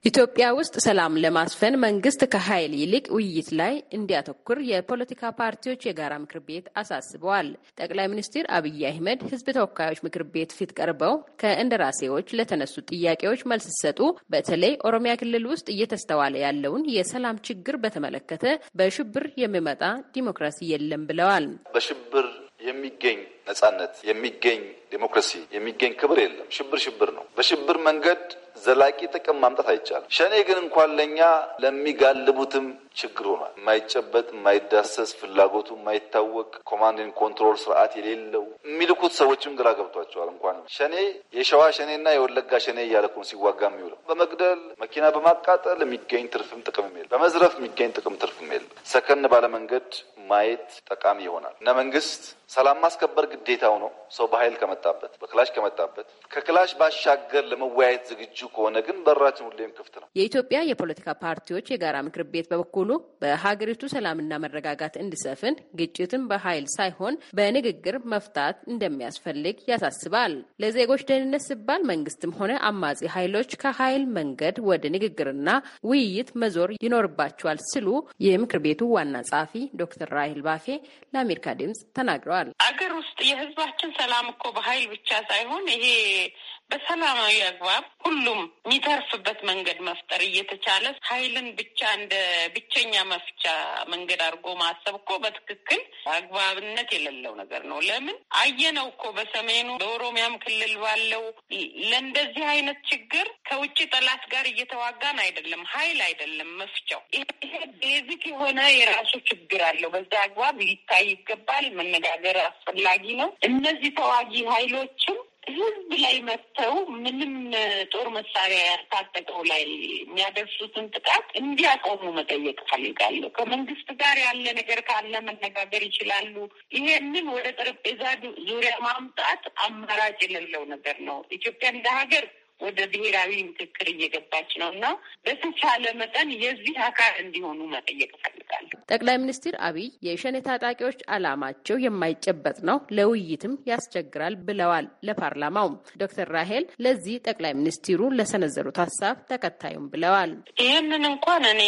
ኢትዮጵያ ውስጥ ሰላም ለማስፈን መንግስት ከኃይል ይልቅ ውይይት ላይ እንዲያተኩር የፖለቲካ ፓርቲዎች የጋራ ምክር ቤት አሳስበዋል። ጠቅላይ ሚኒስትር አብይ አህመድ ህዝብ ተወካዮች ምክር ቤት ፊት ቀርበው ከእንደራሴዎች ለተነሱ ጥያቄዎች መልስ ሲሰጡ በተለይ ኦሮሚያ ክልል ውስጥ እየተስተዋለ ያለውን የሰላም ችግር በተመለከተ በሽብር የሚመጣ ዲሞክራሲ የለም ብለዋል። በሽብር የሚገኝ ነጻነት የሚገኝ ዴሞክራሲ የሚገኝ ክብር የለም። ሽብር ሽብር ነው። በሽብር መንገድ ዘላቂ ጥቅም ማምጣት አይቻልም። ሸኔ ግን እንኳን ለእኛ ለሚጋልቡትም ችግር ሆኗል። የማይጨበጥ የማይዳሰስ ፍላጎቱ የማይታወቅ ኮማንድን ኮንትሮል ስርዓት የሌለው የሚልኩት ሰዎችም ግራ ገብቷቸዋል። እንኳን ሸኔ የሸዋ ሸኔና የወለጋ ሸኔ እያለ እኮ ሲዋጋ የሚውለው በመግደል መኪና በማቃጠል የሚገኝ ትርፍም ጥቅምም የለም፣ በመዝረፍ የሚገኝ ጥቅም ትርፍም የለም። ሰከን ባለመንገድ ማየት ጠቃሚ ይሆናል እና መንግስት ሰላም ማስከበር ግዴታው ነው። ሰው በኃይል ከመጣበት በክላሽ ከመጣበት ከክላሽ ባሻገር ለመወያየት ዝግጁ ከሆነ ግን በራችን ሁሌም ክፍት ነው። የኢትዮጵያ የፖለቲካ ፓርቲዎች የጋራ ምክር ቤት በበኩሉ በሀገሪቱ ሰላምና መረጋጋት እንዲሰፍን ግጭትን በኃይል ሳይሆን በንግግር መፍታት እንደሚያስፈልግ ያሳስባል። ለዜጎች ደህንነት ሲባል መንግስትም ሆነ አማጺ ኃይሎች ከኃይል መንገድ ወደ ንግግርና ውይይት መዞር ይኖርባቸዋል ሲሉ የምክር ቤቱ ዋና ጸሐፊ ዶክተር ራሂል ባፌ ለአሜሪካ ድምጽ ተናግረዋል። አገር ውስጥ የህዝባችን ሰላም እኮ በኃይል ብቻ ሳይሆን ይሄ በሰላማዊ አግባብ ሁሉም የሚተርፍበት መንገድ መፍጠር እየተቻለ ኃይልን ብቻ እንደ ብቸኛ መፍቻ መንገድ አድርጎ ማሰብ እኮ በትክክል አግባብነት የሌለው ነገር ነው። ለምን አየነው እኮ በሰሜኑ በኦሮሚያም ክልል ባለው ለእንደዚህ አይነት ችግር ከውጭ ጠላት ጋር እየተዋጋን አይደለም፣ ኃይል አይደለም መፍቻው። ይሄ ቤዚክ የሆነ የራሱ ችግር አለው። በዛ አግባብ ሊታይ ይገባል። መነጋገር አስፈላጊ ነው። እነዚህ ተዋጊ ኃይሎችም ህዝብ ላይ መጥተው ምንም ጦር መሳሪያ ያልታጠቀው ላይ የሚያደርሱትን ጥቃት እንዲያቆሙ መጠየቅ ፈልጋለሁ። ከመንግስት ጋር ያለ ነገር ካለ መነጋገር ይችላሉ። ይሄንን ወደ ጠረጴዛ ዙሪያ ማምጣት አማራጭ የሌለው ነገር ነው። ኢትዮጵያ እንደ ሀገር ወደ ብሔራዊ ምክክር እየገባች ነው እና በተቻለ መጠን የዚህ አካል እንዲሆኑ መጠየቅ እፈልጋለሁ። ጠቅላይ ሚኒስትር አብይ የሸኔ ታጣቂዎች አላማቸው የማይጨበጥ ነው፣ ለውይይትም ያስቸግራል ብለዋል ለፓርላማው ዶክተር ራሄል ለዚህ ጠቅላይ ሚኒስትሩ ለሰነዘሩት ሀሳብ ተከታዩም ብለዋል። ይህንን እንኳን እኔ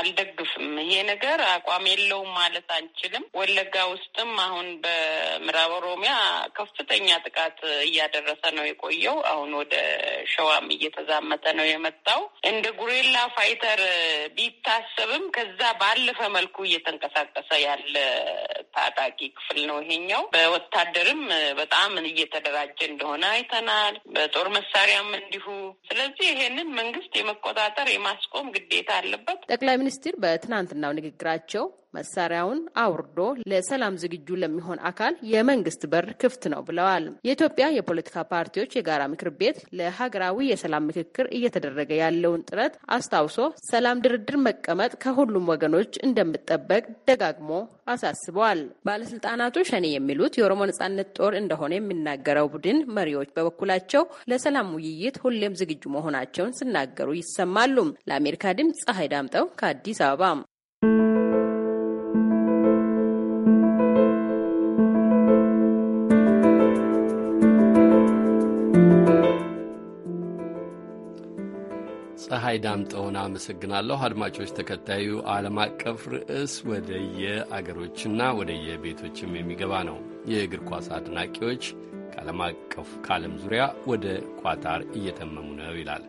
አልደግፍም። ይሄ ነገር አቋም የለውም ማለት አንችልም። ወለጋ ውስጥም አሁን በምዕራብ ኦሮሚያ ከፍተኛ ጥቃት እያደረሰ ነው የቆየው። አሁን ወደ ሸዋም እየተዛመተ ነው የመጣው። እንደ ጉሬላ ፋይተር ቢታሰብም ከዛ ባለፈ መልኩ እየተንቀሳቀሰ ያለ ታጣቂ ክፍል ነው ይሄኛው። በወታደርም በጣም እየተደራጀ እንደሆነ አይተናል። በጦር መሳሪያም እንዲሁ። ስለዚህ ይሄንን መንግስት የመቆጣጠር የማስቆም ግዴታ አለበት። ጠቅላይ ሚኒስትር በትናንትናው ንግግራቸው መሳሪያውን አውርዶ ለሰላም ዝግጁ ለሚሆን አካል የመንግስት በር ክፍት ነው ብለዋል። የኢትዮጵያ የፖለቲካ ፓርቲዎች የጋራ ምክር ቤት ለሀገራዊ የሰላም ምክክር እየተደረገ ያለውን ጥረት አስታውሶ ሰላም ድርድር መቀመጥ ከሁሉም ወገኖች እንደሚጠበቅ ደጋግሞ አሳስበዋል። ባለስልጣናቱ ሸኔ የሚሉት የኦሮሞ ነጻነት ጦር እንደሆነ የሚናገረው ቡድን መሪዎች በበኩላቸው ለሰላም ውይይት ሁሌም ዝግጁ መሆናቸውን ሲናገሩ ይሰማሉ። ለአሜሪካ ድምፅ ፀሐይ ዳምጠው ከአዲስ አበባ ፀሐይ ዳምጠውን አመሰግናለሁ። አድማጮች፣ ተከታዩ ዓለም አቀፍ ርዕስ ወደየ የአገሮችና ወደ የቤቶችም የሚገባ ነው። የእግር ኳስ አድናቂዎች ከዓለም አቀፍ ከዓለም ዙሪያ ወደ ኳታር እየተመሙ ነው ይላል።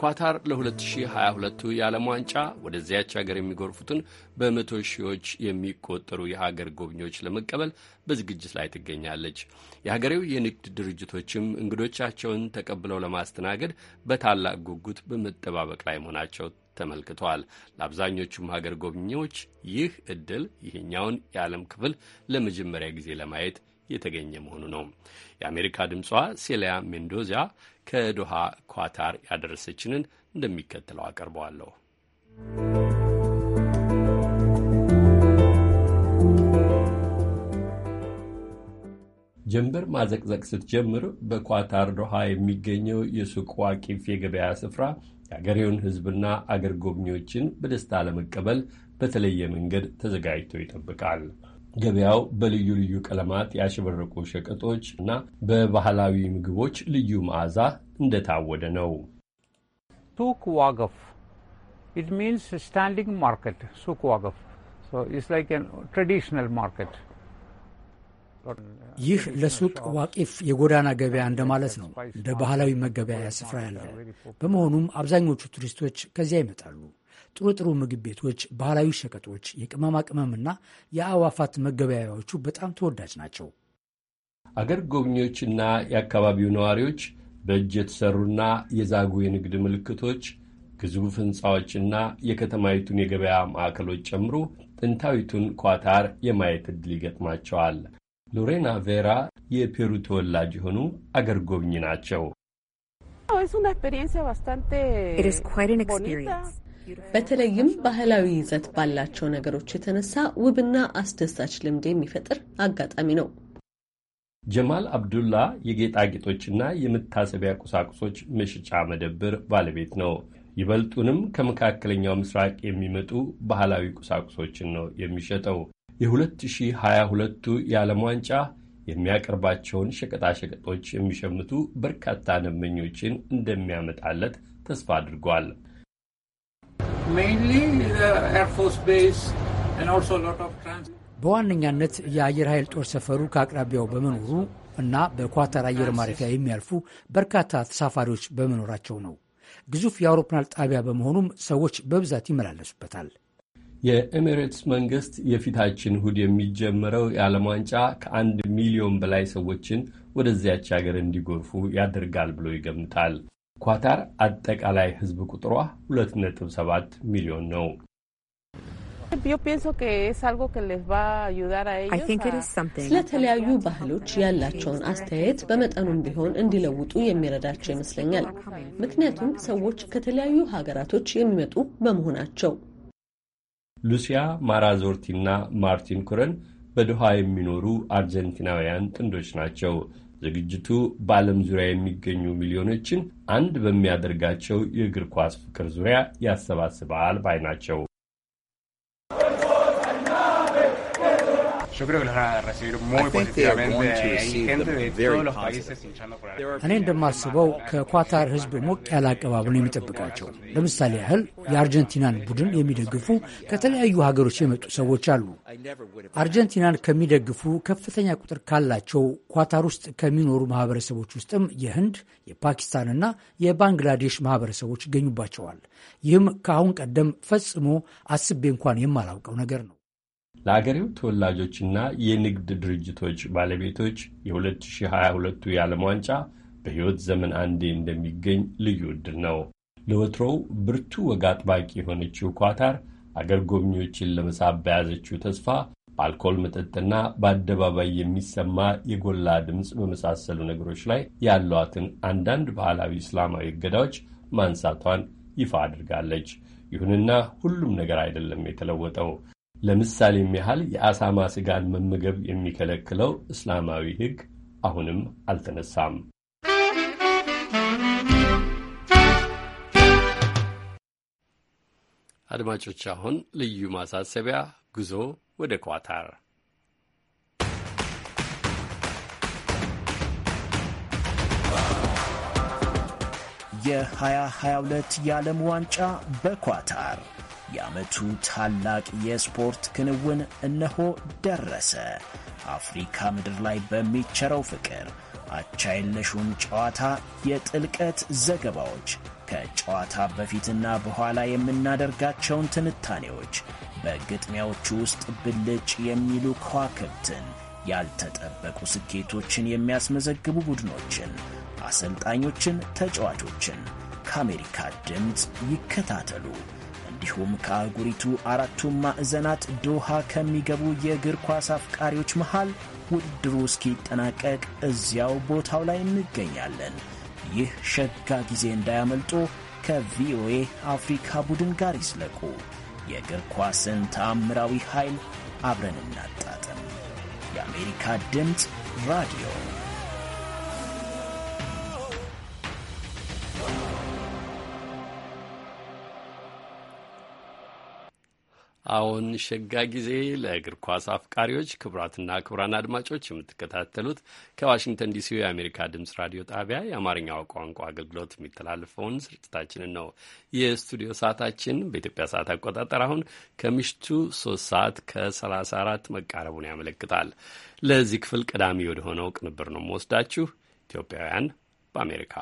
ኳታር ለ2022 የዓለም ዋንጫ ወደዚያች ሀገር የሚጎርፉትን በመቶ ሺዎች የሚቆጠሩ የሀገር ጎብኚዎች ለመቀበል በዝግጅት ላይ ትገኛለች። የሀገሬው የንግድ ድርጅቶችም እንግዶቻቸውን ተቀብለው ለማስተናገድ በታላቅ ጉጉት በመጠባበቅ ላይ መሆናቸው ተመልክተዋል። ለአብዛኞቹም ሀገር ጎብኚዎች ይህ እድል ይህኛውን የዓለም ክፍል ለመጀመሪያ ጊዜ ለማየት የተገኘ መሆኑ ነው። የአሜሪካ ድምጿ ሴሊያ ሜንዶዛ ከዶሃ ኳታር ያደረሰችንን እንደሚከተለው አቀርበዋለሁ። ጀንበር ማዘቅዘቅ ስትጀምር በኳታር ዶሃ የሚገኘው የሱቅ ዋቂፍ የገበያ ስፍራ የአገሬውን ሕዝብና አገር ጎብኚዎችን በደስታ ለመቀበል በተለየ መንገድ ተዘጋጅቶ ይጠብቃል። ገበያው በልዩ ልዩ ቀለማት ያሸበረቁ ሸቀጦች እና በባህላዊ ምግቦች ልዩ መዓዛ እንደታወደ ነው። ሱቅ ዋገፍ ኢት ሚንስ ስታንዲንግ ማርኬት። ዋገፍ ኢትስ ላይክ ትራዲሽናል ማርኬት። ይህ ለሱቅ ዋቂፍ የጎዳና ገበያ እንደማለት ነው። እንደ ባህላዊ መገበያያ ስፍራ ያለ በመሆኑም አብዛኞቹ ቱሪስቶች ከዚያ ይመጣሉ። ጥሩ ጥሩ ምግብ ቤቶች፣ ባህላዊ ሸቀጦች፣ የቅመማ ቅመምና የአዋፋት መገበያያዎቹ በጣም ተወዳጅ ናቸው። አገር ጎብኚዎችና የአካባቢው ነዋሪዎች በእጅ የተሰሩና የዛጉ የንግድ ምልክቶች፣ ግዙፍ ሕንፃዎችና የከተማይቱን የገበያ ማዕከሎች ጨምሮ ጥንታዊቱን ኳታር የማየት ዕድል ይገጥማቸዋል። ሎሬና ቬራ የፔሩ ተወላጅ የሆኑ አገር ጎብኚ ናቸው። oh, በተለይም ባህላዊ ይዘት ባላቸው ነገሮች የተነሳ ውብና አስደሳች ልምድ የሚፈጥር አጋጣሚ ነው። ጀማል አብዱላ የጌጣጌጦችና የመታሰቢያ ቁሳቁሶች መሸጫ መደብር ባለቤት ነው። ይበልጡንም ከመካከለኛው ምስራቅ የሚመጡ ባህላዊ ቁሳቁሶችን ነው የሚሸጠው። የ2022ቱ የዓለም ዋንጫ የሚያቀርባቸውን ሸቀጣሸቀጦች የሚሸምቱ በርካታ ደንበኞችን እንደሚያመጣለት ተስፋ አድርጓል። በዋነኛነት የአየር ኃይል ጦር ሰፈሩ ከአቅራቢያው በመኖሩ እና በኳታር አየር ማረፊያ የሚያልፉ በርካታ ተሳፋሪዎች በመኖራቸው ነው። ግዙፍ የአውሮፕላን ጣቢያ በመሆኑም ሰዎች በብዛት ይመላለሱበታል። የኤሚሬትስ መንግስት የፊታችን እሁድ የሚጀመረው የዓለም ዋንጫ ከአንድ ሚሊዮን በላይ ሰዎችን ወደዚያች ሀገር እንዲጎርፉ ያደርጋል ብሎ ይገምታል። ኳታር አጠቃላይ ህዝብ ቁጥሯ 2.7 ሚሊዮን ነው። ስለተለያዩ ባህሎች ያላቸውን አስተያየት በመጠኑም ቢሆን እንዲለውጡ የሚረዳቸው ይመስለኛል። ምክንያቱም ሰዎች ከተለያዩ ሀገራቶች የሚመጡ በመሆናቸው። ሉሲያ ማራዞርቲና ማርቲን ኩረን በድሃ የሚኖሩ አርጀንቲናውያን ጥንዶች ናቸው። ዝግጅቱ በዓለም ዙሪያ የሚገኙ ሚሊዮኖችን አንድ በሚያደርጋቸው የእግር ኳስ ፍቅር ዙሪያ ያሰባስባል ባይ ናቸው። yo creo que los van a recibir muy positivamente. Hay gente de todos los países hinchando por Argentina. እኔ እንደማስበው ከኳታር ሕዝብ ሞቅ ያለ አቀባበሉን የሚጠብቃቸው። ለምሳሌ ያህል የአርጀንቲናን ቡድን የሚደግፉ ከተለያዩ ሀገሮች የመጡ ሰዎች አሉ። አርጀንቲናን ከሚደግፉ ከፍተኛ ቁጥር ካላቸው ኳታር ውስጥ ከሚኖሩ ማህበረሰቦች ውስጥም የህንድ፣ የፓኪስታንና የባንግላዴሽ ማህበረሰቦች ይገኙባቸዋል። ይህም ከአሁን ቀደም ፈጽሞ አስቤ እንኳን የማላውቀው ነገር ነው። ለአገሬው ተወላጆችና የንግድ ድርጅቶች ባለቤቶች የ2022ቱ የዓለም ዋንጫ በሕይወት ዘመን አንዴ እንደሚገኝ ልዩ ዕድል ነው። ለወትሮው ብርቱ ወግ አጥባቂ የሆነችው ኳታር አገር ጎብኚዎችን ለመሳብ በያዘችው ተስፋ በአልኮል መጠጥና በአደባባይ የሚሰማ የጎላ ድምፅ በመሳሰሉ ነገሮች ላይ ያሏትን አንዳንድ ባህላዊ እስላማዊ እገዳዎች ማንሳቷን ይፋ አድርጋለች። ይሁንና ሁሉም ነገር አይደለም የተለወጠው። ለምሳሌም ያህል የአሳማ ስጋን መመገብ የሚከለክለው እስላማዊ ሕግ አሁንም አልተነሳም። አድማጮች፣ አሁን ልዩ ማሳሰቢያ፣ ጉዞ ወደ ኳታር። የ2022 የዓለም ዋንጫ በኳታር የዓመቱ ታላቅ የስፖርት ክንውን እነሆ ደረሰ። አፍሪካ ምድር ላይ በሚቸረው ፍቅር አቻ የለሹን ጨዋታ የጥልቀት ዘገባዎች ከጨዋታ በፊትና በኋላ የምናደርጋቸውን ትንታኔዎች በግጥሚያዎቹ ውስጥ ብልጭ የሚሉ ከዋክብትን፣ ያልተጠበቁ ስኬቶችን የሚያስመዘግቡ ቡድኖችን፣ አሰልጣኞችን፣ ተጫዋቾችን ከአሜሪካ ድምፅ ይከታተሉ። እንዲሁም ከአህጉሪቱ አራቱም ማዕዘናት ዶሃ ከሚገቡ የእግር ኳስ አፍቃሪዎች መሃል ውድድሩ እስኪጠናቀቅ እዚያው ቦታው ላይ እንገኛለን። ይህ ሸጋ ጊዜ እንዳያመልጦ ከቪኦኤ አፍሪካ ቡድን ጋር ይስለቁ። የእግር ኳስን ተአምራዊ ኃይል አብረን እናጣጥም። የአሜሪካ ድምፅ ራዲዮ አሁን ሸጋ ጊዜ ለእግር ኳስ አፍቃሪዎች ክቡራትና ክቡራን አድማጮች የምትከታተሉት ከዋሽንግተን ዲሲ የአሜሪካ ድምጽ ራዲዮ ጣቢያ የአማርኛው ቋንቋ አገልግሎት የሚተላለፈውን ስርጭታችንን ነው። የስቱዲዮ ሰዓታችን በኢትዮጵያ ሰዓት አቆጣጠር አሁን ከምሽቱ ሶስት ሰዓት ከሰላሳ አራት መቃረቡን ያመለክታል። ለዚህ ክፍል ቀዳሚ ወደሆነው ቅንብር ነው መወስዳችሁ ኢትዮጵያውያን በአሜሪካ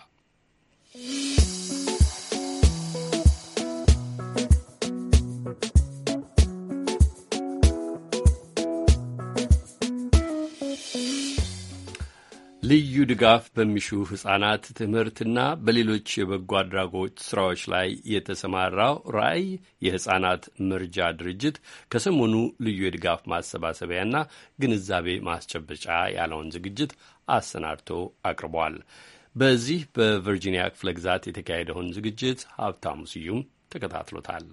ልዩ ድጋፍ በሚሹ ህጻናት ትምህርትና በሌሎች የበጎ አድራጎት ስራዎች ላይ የተሰማራው ራዕይ የህጻናት መርጃ ድርጅት ከሰሞኑ ልዩ የድጋፍ ማሰባሰቢያና ግንዛቤ ማስጨበጫ ያለውን ዝግጅት አሰናድቶ አቅርቧል። በዚህ በቨርጂኒያ ክፍለ ግዛት የተካሄደውን ዝግጅት ሀብታሙ ስዩም ተከታትሎታል።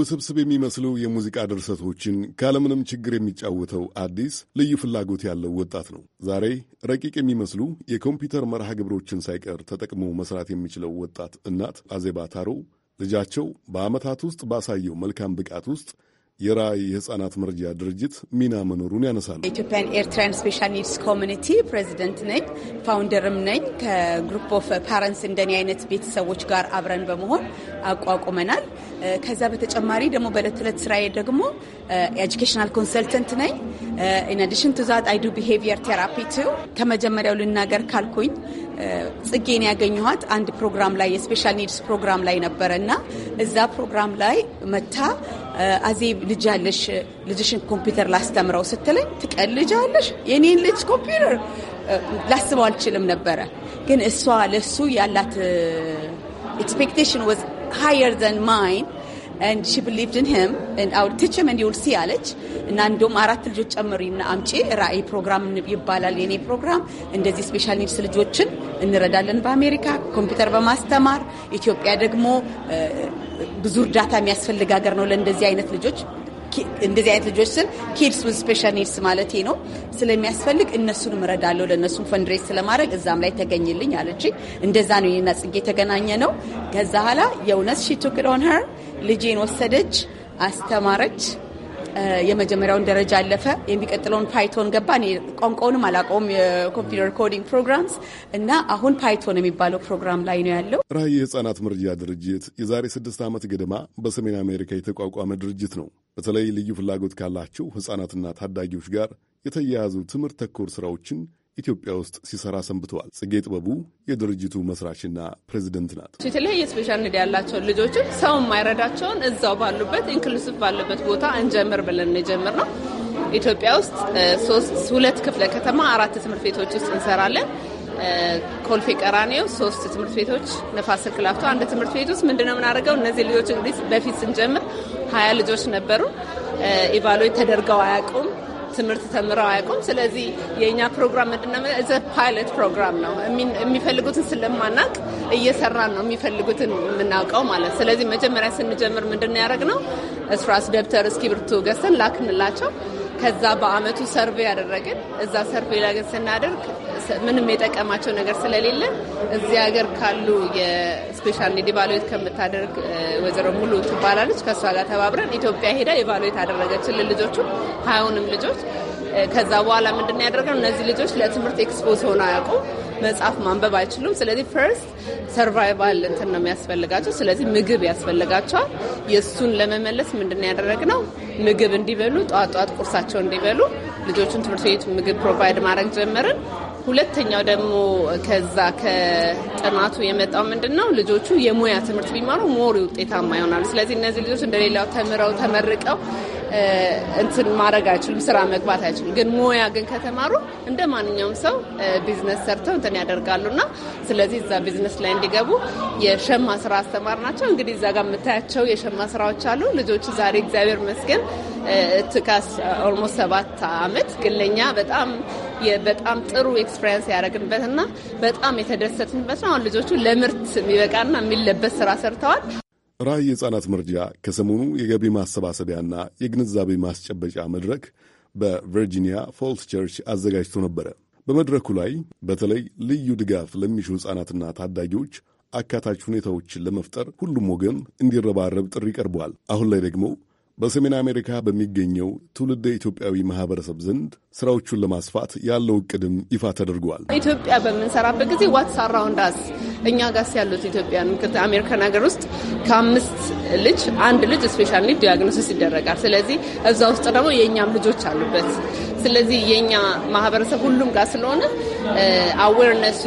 ውስብስብ የሚመስሉ የሙዚቃ ድርሰቶችን ካለምንም ችግር የሚጫወተው አዲስ ልዩ ፍላጎት ያለው ወጣት ነው። ዛሬ ረቂቅ የሚመስሉ የኮምፒውተር መርሃ ግብሮችን ሳይቀር ተጠቅሞ መስራት የሚችለው ወጣት እናት አዜባ ታሮ ልጃቸው በዓመታት ውስጥ ባሳየው መልካም ብቃት ውስጥ የራእይ የህጻናት መርጃ ድርጅት ሚና መኖሩን ያነሳሉ። ኢትዮጵያን ኤርትራን ስፔሻል ኒድስ ኮሚኒቲ ፕሬዚደንት ነኝ፣ ፋውንደርም ነኝ። ከግሩፕ ኦፍ ፓረንትስ እንደኔ አይነት ቤተሰቦች ጋር አብረን በመሆን አቋቁመናል። ከዛ በተጨማሪ ደግሞ በእለት ተዕለት ስራዬ ደግሞ ኤጁኬሽናል ኮንሰልተንት ነኝ። ኢን አዲሽን ቱ ዛት አይ ዱ ቢሄቪየር ቴራፒ ቱ ከመጀመሪያው ልናገር ካልኩኝ ጽጌን ያገኘኋት አንድ ፕሮግራም ላይ የስፔሻል ኒድስ ፕሮግራም ላይ ነበረ እና እዛ ፕሮግራም ላይ መታ አዜብ ልጅ ያለሽ ልጅሽን ኮምፒውተር ላስተምረው ስትለኝ ትቀል ልጅ የኔን ልጅ ኮምፒውተር ላስበው አልችልም ነበረ። ግን እሷ ለሱ ያላት ኤክስፔክቴሽን ወዝ ሃየር ዘን ማይን ሲ አለች እና እንደውም አራት ልጆች ጨምሪ እና አምጪ ራዕይ ፕሮግራም ይባላል የኔ ፕሮግራም። እንደዚህ ስፔሻል ኒድስ ልጆችን እንረዳለን በአሜሪካ ኮምፒውተር በማስተማር ኢትዮጵያ ደግሞ ብዙ እርዳታ የሚያስፈልግ ሀገር ነው ለእንደዚህ አይነት ልጆች እንደዚህ አይነት ልጆች ስል ኪድስ ዊዝ ስፔሻል ኒድስ ማለት ነው ስለሚያስፈልግ እነሱንም እረዳለሁ። ለእነሱም ፈንድሬስ ስለማድረግ እዛም ላይ ተገኝልኝ አለች። እንደዛ ነው የና ጽጌ የተገናኘ ነው። ከዛ ኋላ የእውነት ሺ ቱክ ኦን ሄር ልጄን ወሰደች፣ አስተማረች የመጀመሪያውን ደረጃ አለፈ። የሚቀጥለውን ፓይቶን ገባ። እኔ ቋንቋውንም አላውቀውም የኮምፒውተር ኮዲንግ ፕሮግራምስ እና አሁን ፓይቶን የሚባለው ፕሮግራም ላይ ነው ያለው። ራዕይ የህጻናት መርጃ ድርጅት የዛሬ ስድስት ዓመት ገደማ በሰሜን አሜሪካ የተቋቋመ ድርጅት ነው። በተለይ ልዩ ፍላጎት ካላቸው ህጻናትና ታዳጊዎች ጋር የተያያዙ ትምህርት ተኮር ስራዎችን ኢትዮጵያ ውስጥ ሲሰራ ሰንብተዋል። ጽጌ ጥበቡ የድርጅቱ መስራችና ፕሬዚደንት ናት። የተለያየ ስፔሻሊቲ ያላቸውን ልጆችን ሰው የማይረዳቸውን እዛው ባሉበት ኢንክሉሲቭ ባለበት ቦታ እንጀምር ብለን ንጀምር ነው። ኢትዮጵያ ውስጥ ሶስት ሁለት ክፍለ ከተማ አራት ትምህርት ቤቶች ውስጥ እንሰራለን። ኮልፌ ቀራኔው ሶስት ትምህርት ቤቶች፣ ነፋስ ስልክ ላፍቶ አንድ ትምህርት ቤት ውስጥ ምንድነው የምናደርገው? እነዚህ ልጆች እንግዲህ በፊት ስንጀምር ሀያ ልጆች ነበሩ። ኢቫሉዌት ተደርገው አያውቁም። ትምህርት ተምረው አያውቁም። ስለዚህ የእኛ ፕሮግራም ምንድነው? ፓይለት ፕሮግራም ነው። የሚፈልጉትን ስለማናቅ እየሰራን ነው የሚፈልጉትን የምናውቀው ማለት። ስለዚህ መጀመሪያ ስንጀምር ምንድን ያደረግ ነው እስራስ ደብተር፣ እስክሪብቶ ገዝተን ላክንላቸው። ከዛ በአመቱ ሰርቬ ያደረግን እዛ ሰርቬ ላይ ስናደርግ ምንም የጠቀማቸው ነገር ስለሌለ እዚህ ሀገር ካሉ የስፔሻል ኒድ ኢቫሉዌት ከምታደርግ ወይዘሮ ሙሉ ትባላለች። ከእሷ ጋር ተባብረን ኢትዮጵያ ሄዳ ኢቫሉዌት አደረገችልን ልጆቹ ሀያውንም ልጆች። ከዛ በኋላ ምንድን ያደረገው እነዚህ ልጆች ለትምህርት ኤክስፖዝ ሆነው አያውቁም። መጽሐፍ ማንበብ አይችሉም። ስለዚህ ፈርስት ሰርቫይቫል እንትን ነው የሚያስፈልጋቸው። ስለዚህ ምግብ ያስፈልጋቸዋል። የእሱን ለመመለስ ምንድን ነው? ምግብ እንዲበሉ ጠዋት ጠዋት ቁርሳቸው እንዲበሉ ልጆቹን ትምህርት ቤት ምግብ ፕሮቫይድ ማድረግ ጀመርን። ሁለተኛው ደግሞ ከዛ ከጥናቱ የመጣው ምንድን ነው ልጆቹ የሙያ ትምህርት ቢማሩ ሞሪ ውጤታማ ይሆናሉ። ስለዚህ እነዚህ ልጆች እንደሌላው ተምረው ተመርቀው እንትን ማድረግ አይችሉም፣ ስራ መግባት አይችሉም። ግን ሙያ ግን ከተማሩ እንደ ማንኛውም ሰው ቢዝነስ ሰርተው እንትን ያደርጋሉና ስለዚህ እዛ ቢዝነስ ላይ እንዲገቡ የሸማ ስራ አስተማር ናቸው። እንግዲህ እዛ ጋር የምታያቸው የሸማ ስራዎች አሉ። ልጆቹ ዛሬ እግዚአብሔር ይመስገን ትካስ ኦልሞስት ሰባት አመት ግለኛ በጣም በጣም ጥሩ ኤክስፔሪንስ ያደረግንበትና በጣም የተደሰትንበት ነው። አሁን ልጆቹ ለምርት የሚበቃና የሚለበስ ስራ ሰርተዋል። ራዕይ የሕፃናት መርጃ ከሰሞኑ የገቢ ማሰባሰቢያና የግንዛቤ ማስጨበጫ መድረክ በቨርጂኒያ ፎልስ ቸርች አዘጋጅቶ ነበረ። በመድረኩ ላይ በተለይ ልዩ ድጋፍ ለሚሹ ሕፃናትና ታዳጊዎች አካታች ሁኔታዎችን ለመፍጠር ሁሉም ወገን እንዲረባረብ ጥሪ ቀርበዋል። አሁን ላይ ደግሞ በሰሜን አሜሪካ በሚገኘው ትውልደ ኢትዮጵያዊ ማህበረሰብ ዘንድ ስራዎቹን ለማስፋት ያለው እቅድም ይፋ ተደርጓል። ኢትዮጵያ በምንሰራበት ጊዜ ዋትስ አራውንድ አስ እኛ ጋስ ያሉት ኢትዮጵያን አሜሪካን ሀገር ውስጥ ከአምስት ልጅ አንድ ልጅ ስፔሻል ኒድ ዲያግኖሲስ ይደረጋል። ስለዚህ እዛ ውስጥ ደግሞ የእኛም ልጆች አሉበት ስለዚህ የኛ ማህበረሰብ ሁሉም ጋር ስለሆነ አዌርነሱ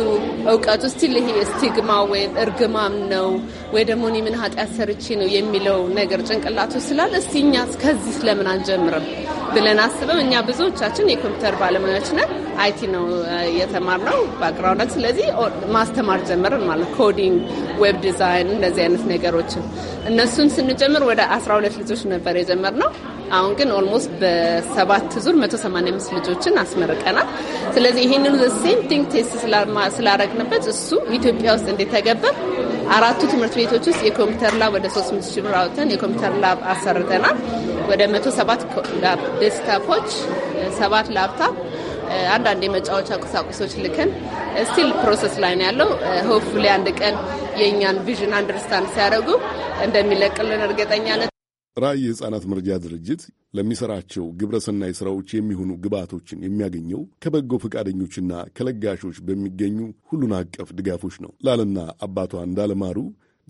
እውቀቱ ስቲል ይሄ ስቲግማ ወይም እርግማም ነው ወይ ደግሞ እኔ ምን ኃጢአት ሰርቼ ነው የሚለው ነገር ጭንቅላቱ ስላለ እስቲ እኛ ከዚህ ስለምን አንጀምርም ብለን አስበም እኛ ብዙዎቻችን የኮምፒውተር ባለሙያዎች ነን። አይቲ ነው የተማርነው ባክግራውንድ። ስለዚህ ማስተማር ጀምርን ማለት ኮዲንግ፣ ዌብ ዲዛይን፣ እንደዚህ አይነት ነገሮችን እነሱን ስንጀምር ወደ 12 ልጆች ነበር የጀመርነው። አሁን ግን ኦልሞስት በሰባት ዙር 185 ልጆችን አስመርቀናል። ስለዚህ ይህንን ሴም ቲንግ ቴስት ስላረግንበት እሱ ኢትዮጵያ ውስጥ እንደተገበር አራቱ ትምህርት ቤቶች ውስጥ የኮምፒውተር ላብ ወደ 3000 ብር አውጥተን የኮምፒውተር ላብ አሰርተናል። ወደ 107 ዴስክታፖች፣ ሰባት ላፕታፕ፣ አንዳንድ የመጫወቻ ቁሳቁሶች ልከን ስቲል ፕሮሰስ ላይ ነው ያለው። ሆፕፉሊ አንድ ቀን የእኛን ቪዥን አንደርስታንድ ሲያደርጉ እንደሚለቅልን እርግጠኛ ነን። ራይ የሕፃናት መርጃ ድርጅት ለሚሰራቸው ግብረሰናይ ሥራዎች የሚሆኑ ግብዓቶችን የሚያገኘው ከበጎ ፈቃደኞችና ከለጋሾች በሚገኙ ሁሉን አቀፍ ድጋፎች ነው። ላልና አባቷ እንዳለማሩ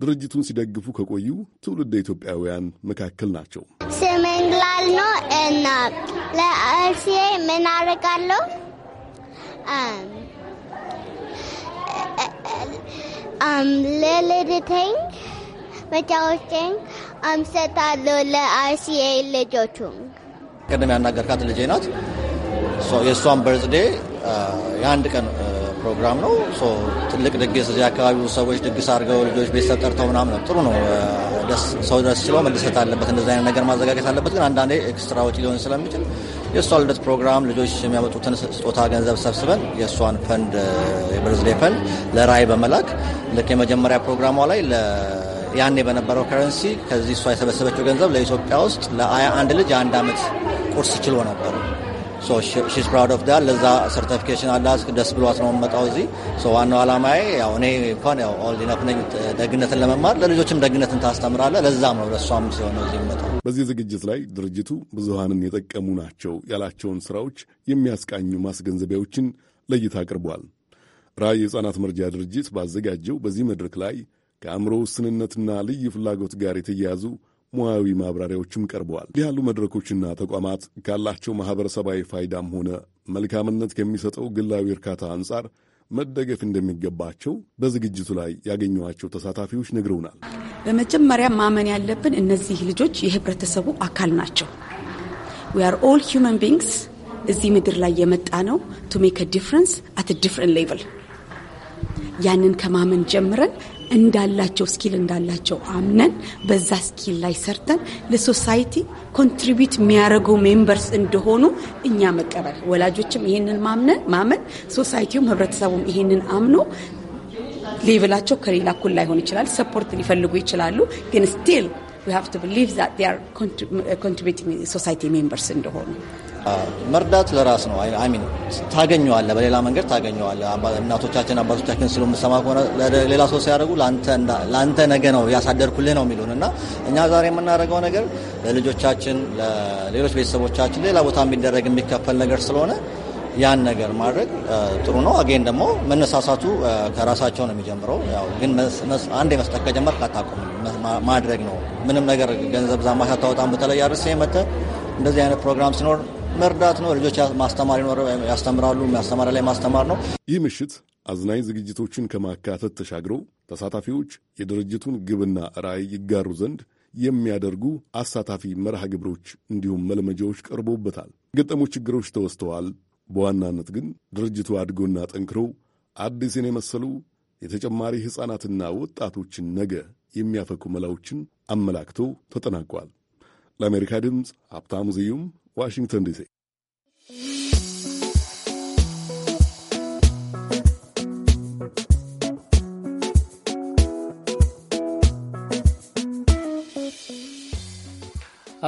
ድርጅቱን ሲደግፉ ከቆዩ ትውልደ ኢትዮጵያውያን መካከል ናቸው። ስሜ ነው እና ለእርሴ ምን አደርጋለሁ? ልልድተኝ አምሰታለሁ ለአርሲኤ ልጆቹ። ቅድም ያናገርካት ልጄ ናት። የእሷን በርዝዴ የአንድ ቀን ፕሮግራም ነው። ትልቅ ድግስ እዚህ አካባቢ ሰዎች ድግስ አድርገው ልጆች ቤተሰብ ጠርተው ምናምን ጥሩ ነው። ሰው ደስ ችሎ መደሰት አለበት። እንደዚህ አይነት ነገር ማዘጋጀት አለበት። ግን አንዳንዴ ኤክስትራ ወጪ ሊሆን ስለሚችል የእሷ ልደት ፕሮግራም ልጆች የሚያመጡትን ስጦታ ገንዘብ ሰብስበን የእሷን ፈንድ የበርዝዴ ፈንድ ለራይ በመላክ ልክ የመጀመሪያ ፕሮግራሟ ላይ ያኔ በነበረው ከረንሲ ከዚህ እሷ የሰበሰበችው ገንዘብ ለኢትዮጵያ ውስጥ ለአያ አንድ ልጅ የአንድ ዓመት ቁርስ ችሎ ነበር። ሺስ ፕራውድ ኦፍ ዳት። ለዛ ሰርቲፊኬሽን አላ ደስ ብሏት ነው መጣው እዚህ። ዋናው ዓላማዬ ያው እኔ እንኳን ያው ነኝ ደግነትን ለመማር ለልጆችም ደግነትን ታስተምራለ። ለዛም ነው ለእሷም ሲሆን እዚህ መጣው። በዚህ ዝግጅት ላይ ድርጅቱ ብዙሀንን የጠቀሙ ናቸው ያላቸውን ስራዎች የሚያስቃኙ ማስገንዘቢያዎችን ለእይታ አቅርቧል። ራዕይ የህጻናት መርጃ ድርጅት ባዘጋጀው በዚህ መድረክ ላይ ከአእምሮ ውስንነትና ልዩ ፍላጎት ጋር የተያያዙ ሙያዊ ማብራሪያዎችም ቀርበዋል። እንዲህ ያሉ መድረኮችና ተቋማት ካላቸው ማኅበረሰባዊ ፋይዳም ሆነ መልካምነት ከሚሰጠው ግላዊ እርካታ አንጻር መደገፍ እንደሚገባቸው በዝግጅቱ ላይ ያገኘኋቸው ተሳታፊዎች ነግረውናል። በመጀመሪያ ማመን ያለብን እነዚህ ልጆች የህብረተሰቡ አካል ናቸው። ዊ አር ኦል ሂውማን ቢንግስ እዚህ ምድር ላይ የመጣ ነው ቱ ሜክ ዲፍረንስ አት ዲፍረንት ሌቨል። ያንን ከማመን ጀምረን እንዳላቸው ስኪል እንዳላቸው አምነን በዛ ስኪል ላይ ሰርተን ለሶሳይቲ ኮንትሪቢዩት የሚያደርጉ ሜምበርስ እንደሆኑ እኛ መቀበል፣ ወላጆችም ይህንን ማምነን ማመን፣ ሶሳይቲውም ህብረተሰቡም ይህንን አምኖ ሌቭላቸው ከሌላ እኩል ላይሆን ይችላል። ሰፖርት ሊፈልጉ ይችላሉ። ግን ስቲል ዊ ሃቭ ቱ ቢሊቭ ዛት ሶሳይቲ ሜምበርስ እንደሆኑ መርዳት ለራስ ነው። አሚን ታገኘዋለ፣ በሌላ መንገድ ታገኘዋለ እናቶቻችን አባቶቻችን ሲሉ የምሰማ ከሆነ ሌላ ሰው ሲያደርጉ ለአንተ ነገ ነው ያሳደርኩልህ ነው የሚሉን እና እኛ ዛሬ የምናደርገው ነገር ለልጆቻችን፣ ለሌሎች ቤተሰቦቻችን ሌላ ቦታ የሚደረግ የሚከፈል ነገር ስለሆነ ያን ነገር ማድረግ ጥሩ ነው። አጌን ደግሞ መነሳሳቱ ከራሳቸው ነው የሚጀምረው። ግን አንድ የመስጠት ከጀመር አታቆምም፣ ማድረግ ነው። ምንም ነገር ገንዘብ ዛማሽ አታወጣም። በተለይ አርሴ መተ እንደዚህ አይነት ፕሮግራም ሲኖር መርዳት ነው። ልጆች ማስተማር ያስተምራሉ። ማስተማሪያ ላይ ማስተማር ነው። ይህ ምሽት አዝናኝ ዝግጅቶችን ከማካተት ተሻግረው ተሳታፊዎች የድርጅቱን ግብና ራዕይ ይጋሩ ዘንድ የሚያደርጉ አሳታፊ መርሃ ግብሮች እንዲሁም መልመጃዎች ቀርቦበታል። የገጠሙ ችግሮች ተወስተዋል። በዋናነት ግን ድርጅቱ አድጎና ጠንክሮ አዲስን የመሰሉ የተጨማሪ ሕፃናትና ወጣቶችን ነገ የሚያፈኩ መላዎችን አመላክቶ ተጠናቋል። ለአሜሪካ ድምፅ ሀብታሙ ዝዩም ዋሽንግተን ዲሲ።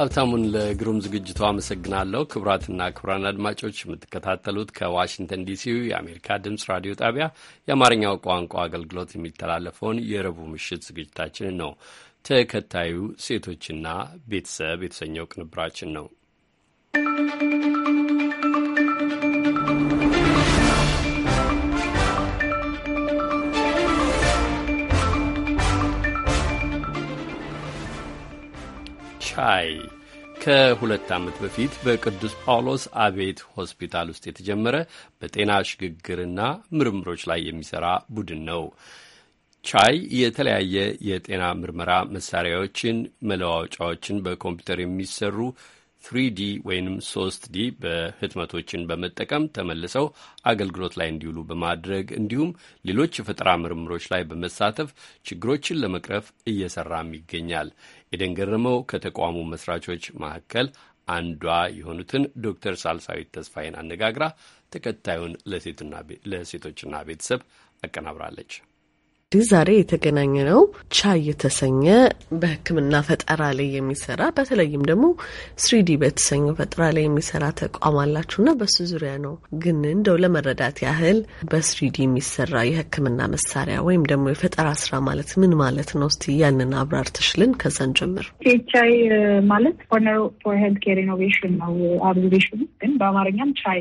ሀብታሙን ለግሩም ዝግጅቱ አመሰግናለሁ። ክቡራትና ክቡራን አድማጮች የምትከታተሉት ከዋሽንግተን ዲሲው የአሜሪካ ድምፅ ራዲዮ ጣቢያ የአማርኛው ቋንቋ አገልግሎት የሚተላለፈውን የረቡዕ ምሽት ዝግጅታችንን ነው። ተከታዩ ሴቶችና ቤተሰብ የተሰኘው ቅንብራችን ነው። ቻይ ከሁለት ዓመት በፊት በቅዱስ ጳውሎስ አቤት ሆስፒታል ውስጥ የተጀመረ በጤና ሽግግርና ምርምሮች ላይ የሚሠራ ቡድን ነው። ቻይ የተለያየ የጤና ምርመራ መሳሪያዎችን፣ መለዋወጫዎችን በኮምፒውተር የሚሰሩ ትሪዲ ወይም ሶስት ዲ በህትመቶችን በመጠቀም ተመልሰው አገልግሎት ላይ እንዲውሉ በማድረግ እንዲሁም ሌሎች የፈጠራ ምርምሮች ላይ በመሳተፍ ችግሮችን ለመቅረፍ እየሰራም ይገኛል። ኤደን ገረመው ከተቋሙ መስራቾች መካከል አንዷ የሆኑትን ዶክተር ሳልሳዊት ተስፋዬን አነጋግራ ተከታዩን ለሴቶችና ቤተሰብ አቀናብራለች። እንግዲህ ዛሬ የተገናኘ ነው ቻይ የተሰኘ በሕክምና ፈጠራ ላይ የሚሰራ በተለይም ደግሞ ስሪዲ በተሰኘው ፈጠራ ላይ የሚሰራ ተቋም አላችሁ እና በሱ ዙሪያ ነው። ግን እንደው ለመረዳት ያህል በስሪዲ የሚሰራ የሕክምና መሳሪያ ወይም ደግሞ የፈጠራ ስራ ማለት ምን ማለት ነው? እስቲ ያንን አብራር ትችልን ከዛን ጀምር። ቻይ ማለት ፓርትነር ፎር ሄልት ኬር ኢኖቬሽን ነው አብሪቬሽኑ፣ ግን በአማርኛም ቻይ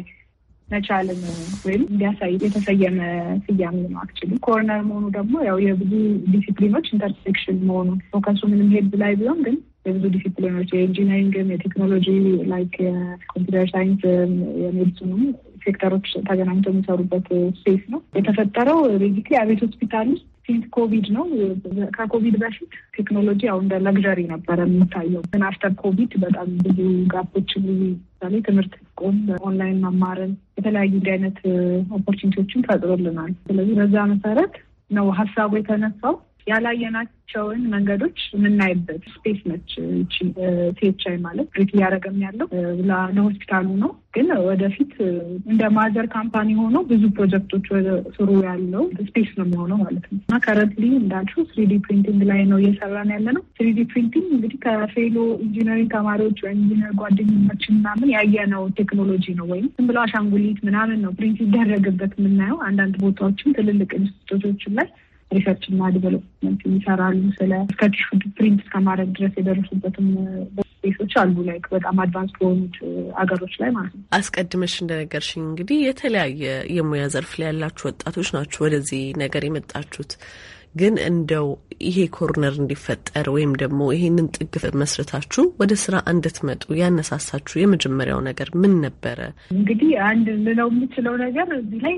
መቻልም ወይም እንዲያሳይ የተሰየመ ስያሜ ነው። አክቹዋሊ ኮርነር መሆኑ ደግሞ ያው የብዙ ዲሲፕሊኖች ኢንተርሴክሽን መሆኑ ፎከሱ ምንም ሄድ ላይ ቢሆን ግን የብዙ ዲሲፕሊኖች የኢንጂነሪንግም፣ የቴክኖሎጂ ላይክ የኮምፒውተር ሳይንስ፣ የሜዲሲኑም ሴክተሮች ተገናኝተው የሚሰሩበት ስፔስ ነው የተፈጠረው። ቤዚክሊ አቤት ሆስፒታል ውስጥ ሲንስ ኮቪድ ነው። ከኮቪድ በፊት ቴክኖሎጂ አሁን እንደ ለግዠሪ ነበረ የሚታየው፣ ግን አፍተር ኮቪድ በጣም ብዙ ጋፖች ብዙ ምሳሌ ትምህርት ቆም ኦንላይን መማርን የተለያዩ እንዲህ አይነት ኦፖርቹኒቲዎችን ፈጥሮልናል። ስለዚህ በዛ መሰረት ነው ሀሳቡ የተነሳው። ያላየናቸውን መንገዶች የምናይበት ስፔስ ነች። ሴቻይ ማለት ግሪት እያደረገም ያለው ለሆስፒታሉ ነው። ግን ወደፊት እንደ ማዘር ካምፓኒ ሆኖ ብዙ ፕሮጀክቶች ስሩ ያለው ስፔስ ነው የሚሆነው ማለት ነው እና ከረንትሊ እንዳልሽው ስሪዲ ፕሪንቲንግ ላይ ነው እየሰራን ያለ ነው። ስሪዲ ፕሪንቲንግ እንግዲህ ከፌሎ ኢንጂነሪንግ ተማሪዎች ወይም ኢንጂነር ጓደኞቻችን ምናምን ያየነው ቴክኖሎጂ ነው ወይም ዝም ብሎ አሻንጉሊት ምናምን ነው ፕሪንት ይደረግበት የምናየው አንዳንድ ቦታዎችም ትልልቅ ኢንስቲቱቶችን ላይ ሪሰርች እና ዲቨሎፕመንት ይሰራሉ። ስለ እስከ ቲሹ ፕሪንት እስከማድረግ ድረስ የደረሱበትም ቤቶች አሉ ላይክ በጣም አድቫንስ በሆኑት አገሮች ላይ ማለት ነው። አስቀድመሽ እንደነገርሽኝ እንግዲህ የተለያየ የሙያ ዘርፍ ላይ ያላችሁ ወጣቶች ናችሁ ወደዚህ ነገር የመጣችሁት ግን እንደው ይሄ ኮርነር እንዲፈጠር ወይም ደግሞ ይሄንን ጥግ መስርታችሁ ወደ ስራ እንድትመጡ ያነሳሳችሁ የመጀመሪያው ነገር ምን ነበረ? እንግዲህ አንድ ልለው የምችለው ነገር እዚህ ላይ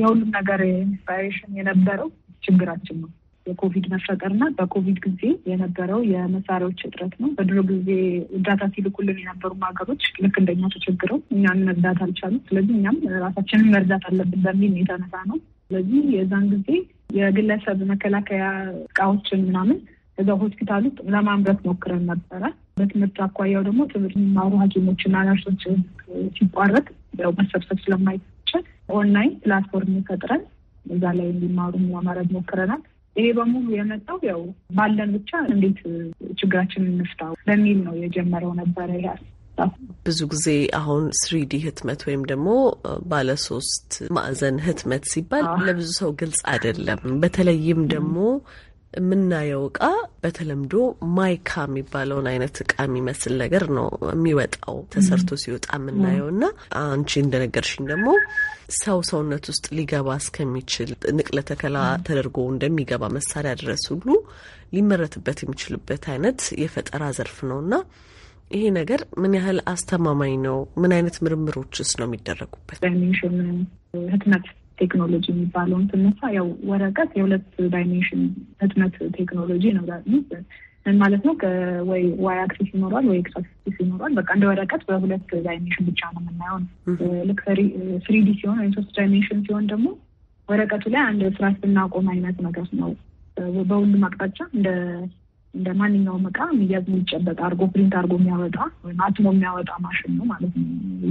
የሁሉም ነገር ኢንስፓሬሽን የነበረው ችግራችን ነው። የኮቪድ መፈጠርና በኮቪድ ጊዜ የነበረው የመሳሪያዎች እጥረት ነው። በድሮ ጊዜ እርዳታ ሲልኩልን የነበሩ ሀገሮች ልክ እንደኛ ተቸግረው እኛን መርዳት አልቻሉ ስለዚህ እኛም ራሳችንን መርዳት አለብን በሚል የተነሳ ነው። ስለዚህ የዛን ጊዜ የግለሰብ መከላከያ እቃዎችን ምናምን እዛ ሆስፒታል ውስጥ ለማምረት ሞክረን ነበረ። በትምህርት አኳያው ደግሞ ትምህርት የሚማሩ ሐኪሞችና ነርሶች ሲቋረጥ ያው መሰብሰብ ስለማይቻል ኦንላይን ፕላትፎርም ፈጥረን እዛ ላይ እንዲማሩ ለማድረግ ሞክረናል። ይሄ በሙሉ የመጣው ያው ባለን ብቻ እንዴት ችግራችን እንፍታው በሚል ነው የጀመረው ነበረ ያል ብዙ ጊዜ አሁን ስሪዲ ህትመት ወይም ደግሞ ባለሶስት ማዕዘን ህትመት ሲባል ለብዙ ሰው ግልጽ አይደለም። በተለይም ደግሞ የምናየው እቃ በተለምዶ ማይካ የሚባለውን አይነት እቃ የሚመስል ነገር ነው የሚወጣው ተሰርቶ ሲወጣ የምናየው እና አንቺ እንደነገርሽኝ ደግሞ ሰው ሰውነት ውስጥ ሊገባ እስከሚችል ንቅለ ተከላ ተደርጎ እንደሚገባ መሳሪያ ድረስ ሁሉ ሊመረትበት የሚችልበት አይነት የፈጠራ ዘርፍ ነው እና ይሄ ነገር ምን ያህል አስተማማኝ ነው? ምን አይነት ምርምሮችስ ነው የሚደረጉበት? ህትመት ቴክኖሎጂ የሚባለውን ስነሳ ያው ወረቀት የሁለት ዳይሜንሽን ህትመት ቴክኖሎጂ ነው። ምን ማለት ነው? ወይ ዋይ አክሲስ ይኖሯል ወይ ኤክስ አክሲስ ይኖራል። በቃ እንደ ወረቀት በሁለት ዳይሜንሽን ብቻ ነው የምናየውን። ልክ ስሪዲ ሲሆን ወይም ሶስት ዳይሜንሽን ሲሆን ደግሞ ወረቀቱ ላይ አንድ ስራ ስናቆም አይነት ነገር ነው። በሁሉም አቅጣጫ እንደ እንደ ማንኛውም እቃ የሚያዝ የሚጨበጥ አርጎ ፕሪንት አርጎ የሚያወጣ ወይም አትሞ የሚያወጣ ማሽን ነው ማለት ነው።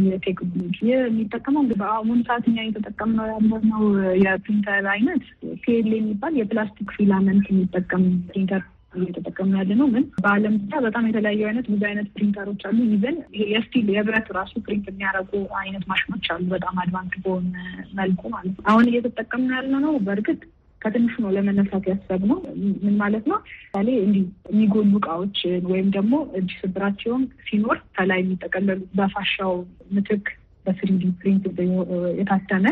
የቴክኖሎጂ የሚጠቀመው በአሁኑ ሰዓት እኛ እየተጠቀምነው ያለነው የፕሪንተር አይነት ፒኤል የሚባል የፕላስቲክ ፊላመንት የሚጠቀም ፕሪንተር እየተጠቀምን ያለ ነው። ግን በዓለም ብቻ በጣም የተለያዩ አይነት ብዙ አይነት ፕሪንተሮች አሉ። ይዘን የስቲል የብረት ራሱ ፕሪንት የሚያደርጉ አይነት ማሽኖች አሉ። በጣም አድቫንስ በሆነ መልኩ ማለት ነው። አሁን እየተጠቀምን ያለ ነው በእርግጥ ከትንሹ ነው ለመነሳት ያሰብነው። ምን ማለት ነው? ምሳሌ እንዲህ የሚጎሉ እቃዎች ወይም ደግሞ እጅ ስብራቸውን ሲኖር ከላይ የሚጠቀለሉ በፋሻው ምትክ በስሪዲ ፕሪንት የታተመ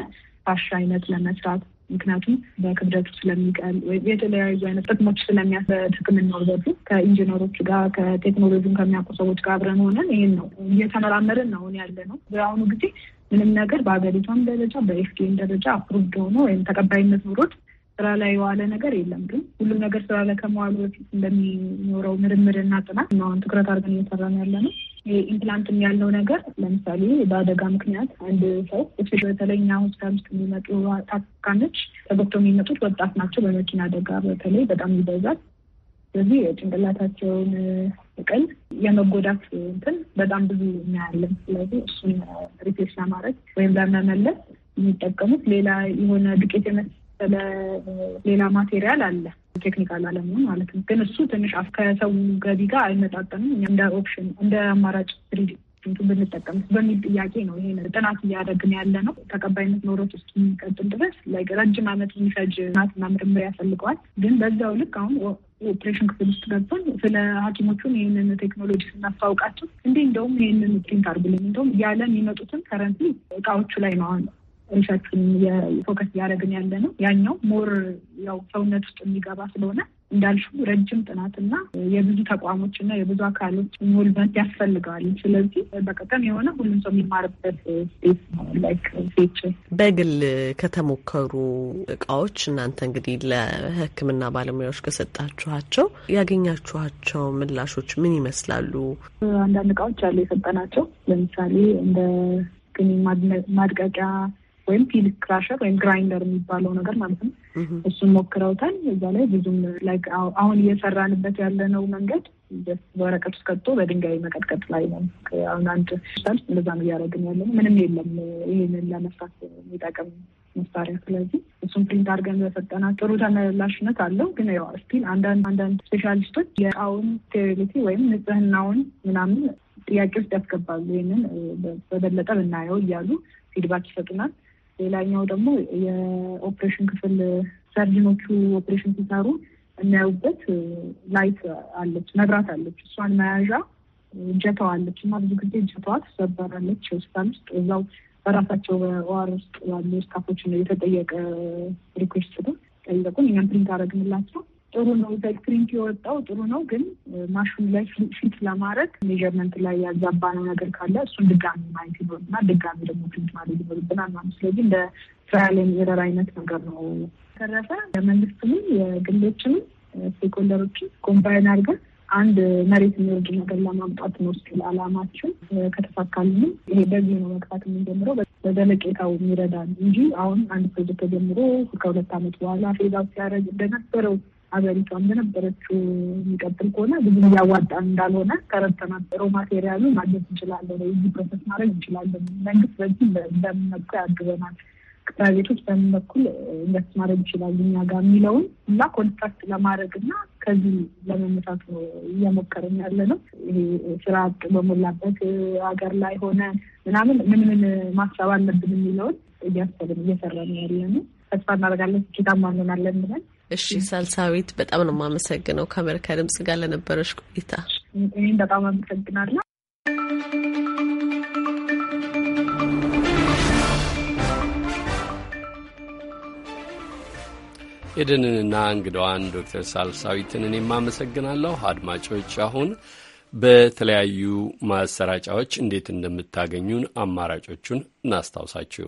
ፋሻ አይነት ለመስራት ምክንያቱም በክብደቱ ስለሚቀል የተለያዩ አይነት ጥቅሞች ስለሚያሰጥ ሕክምናው ዘርፉ ከኢንጂነሮች ጋር ከቴክኖሎጂን ከሚያውቁ ሰዎች ጋር አብረን ሆነን ይህን ነው እየተመራመርን ነው ያለ ነው። በአሁኑ ጊዜ ምንም ነገር በሀገሪቷም ደረጃ በኤፍዲኤም ደረጃ አፕሩቭ ሆኖ ወይም ተቀባይነት ኑሮት ስራ ላይ የዋለ ነገር የለም። ግን ሁሉም ነገር ስራ ላይ ከመዋሉ በፊት እንደሚኖረው ምርምርና ጥናት አሁን ትኩረት አድርገን እየሰራ ነው ያለ ነው። ኢምፕላንትም ያለው ነገር ለምሳሌ በአደጋ ምክንያት አንድ ሰው በተለይ እኛ ሆስፒታል ውስጥ የሚመጡ ታካሚዎች ተጎድቶ የሚመጡት ወጣት ናቸው። በመኪና አደጋ በተለይ በጣም ይበዛል። ስለዚህ የጭንቅላታቸውን ቅል የመጎዳት እንትን በጣም ብዙ እናያለን። ስለዚህ እሱን ሪፌሽ ለማድረግ ወይም ለመመለስ የሚጠቀሙት ሌላ የሆነ ዱቄት የመስ ሌላ ማቴሪያል አለ ቴክኒካል አለመሆን ማለት ነው። ግን እሱ ትንሽ ከሰው ገቢ ጋር አይመጣጠንም። እንደ ኦፕሽን እንደ አማራጭ ትሪዲ ብንጠቀም በሚል ጥያቄ ነው ይሄ ጥናት እያደረግን ያለ ነው። ተቀባይነት ኖሮት የሚቀጥል ድረስ ረጅም አመት የሚፈጅ ጥናትና ምርምር ያስፈልገዋል። ግን በዛው ልክ አሁን ኦፕሬሽን ክፍል ውስጥ ገብተን ስለ ሐኪሞቹን ይህንን ቴክኖሎጂ ስናስታውቃቸው እንዲህ እንደውም ይህንን ፕሪንት አርጉልን እንደውም ያለን የሚመጡትን ከረንት እቃዎቹ ላይ ነው ውሸቱን ፎከስ እያደረግን ያለ ነው። ያኛው ሞር ያው ሰውነት ውስጥ የሚገባ ስለሆነ እንዳልሹ ረጅም ጥናትና የብዙ ተቋሞች እና የብዙ አካሎች ኢንቮልቭመንት ያስፈልገዋል። ስለዚህ በቀጠም የሆነ ሁሉም ሰው የሚማርበት ስፔስ ነው። ላይክ በግል ከተሞከሩ እቃዎች እናንተ እንግዲህ ለሕክምና ባለሙያዎች ከሰጣችኋቸው ያገኛችኋቸው ምላሾች ምን ይመስላሉ? አንዳንድ እቃዎች አሉ የሰጠናቸው። ለምሳሌ እንደ ማድቀቂያ ወይም ፒል ክራሸር ወይም ግራይንደር የሚባለው ነገር ማለት ነው። እሱን ሞክረውታል። እዛ ላይ ብዙም ላይክ አሁን እየሰራንበት ያለነው መንገድ በወረቀት ውስጥ ቀጥቶ በድንጋይ መቀጥቀጥ ላይ ነው። አሁን አንድ ሰልፍ እንደዛም እያደረግን ያለ ነው። ምንም የለም ይህንን ለመስራት የሚጠቅም መሳሪያ። ስለዚህ እሱም ፕሪንት አድርገን በሰጠናት ጥሩ ተመላሽነት አለው። ግን ያው ስቲል አንዳንድ አንዳንድ ስፔሻሊስቶች የእቃውን ስቴሪሊቲ ወይም ንጽህናውን ምናምን ጥያቄ ውስጥ ያስገባሉ። ይህንን በበለጠ ብናየው እያሉ ፊድባክ ይሰጡናል። ሌላኛው ደግሞ የኦፕሬሽን ክፍል ሰርጅኖቹ ኦፕሬሽን ሲሰሩ የሚያዩበት ላይት አለች፣ መብራት አለች። እሷን መያዣ እጀታዋ አለች እና ብዙ ጊዜ እጀታዋ ትሰበራለች። ሆስፒታል ውስጥ እዛው በራሳቸው በዋር ውስጥ ያሉ ስታፎች የተጠየቀ ሪኩዌስት ነው ጠይቁን፣ እኛም ፕሪንት አደረግንላቸው ጥሩ ነው። በፕሪንት የወጣው ጥሩ ነው፣ ግን ማሽኑ ላይ ፊት ለማድረግ ሜዥርመንት ላይ ያዛባነው ነገር ካለ እሱን ድጋሚ ማየት ይኖርና ድጋሚ ደግሞ ፊት ማድረግ ይኖርብናል ማለት ስለዚህ እንደ ትራያል ኤረር አይነት ነገር ነው። ተረፈ የመንግስትንም የግሎችንም ስቴክሆልደሮችን ኮምባይን አድርገን አንድ መሬት የሚወርድ ነገር ለማምጣት ነው ስል አላማችን። ከተሳካልንም ይሄ በዚህ ነው መቅጣት የምንጀምረው በዘለቄታው ይረዳል እንጂ አሁን አንድ ፕሮጀክት ተጀምሮ ከሁለት አመት በኋላ ፌዛው ሲያደርግ እንደነበረው አገሪቷ እንደነበረችው የሚቀጥል ከሆነ ብዙ እያዋጣ እንዳልሆነ ከረት ተናበረው ማቴሪያሉ ማግኘት እንችላለን ወይ ፕሮሰስ ማድረግ እንችላለን። መንግስት በዚህ በምን መልኩ ያግዘናል፣ ፕራይቬቶች በምን በኩል ኢንቨስት ማድረግ ይችላሉ እኛ ጋር የሚለውን እና ኮንትራክት ለማድረግ እና ከዚህ ለመመታት እየሞከርን ያለ ነው። ይሄ ስራ አጥ በሞላበት ሀገር ላይ ሆነ ምናምን ምን ምን ማሰብ አለብን የሚለውን እያሰብን እየሰራን ያለ ነው። ተስፋ እናደርጋለን ስኬታማ እንሆናለን ብለን እሺ ሳልሳዊት፣ በጣም ነው የማመሰግነው ከአሜሪካ ድምጽ ጋር ለነበረች ቆይታ። እኔም በጣም አመሰግናለሁ። ኤደንንና እንግዳዋን ዶክተር ሳልሳዊትን እኔም አመሰግናለሁ። አድማጮች አሁን በተለያዩ ማሰራጫዎች እንዴት እንደምታገኙን አማራጮቹን እናስታውሳችሁ።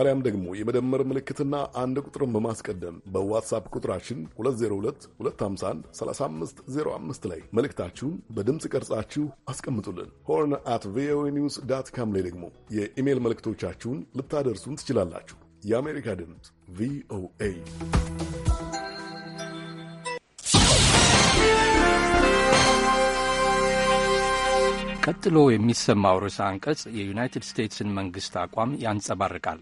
አሊያም ደግሞ የመደመር ምልክትና አንድ ቁጥርን በማስቀደም በዋትሳፕ ቁጥራችን 2022513505 ላይ መልእክታችሁን በድምፅ ቀርጻችሁ አስቀምጡልን። ሆርን አት ቪኦኤ ኒውስ ዳት ካም ላይ ደግሞ የኢሜይል መልእክቶቻችሁን ልታደርሱን ትችላላችሁ። የአሜሪካ ድምፅ ቪኦኤ ቀጥሎ የሚሰማው ርዕሰ አንቀጽ የዩናይትድ ስቴትስን መንግሥት አቋም ያንጸባርቃል።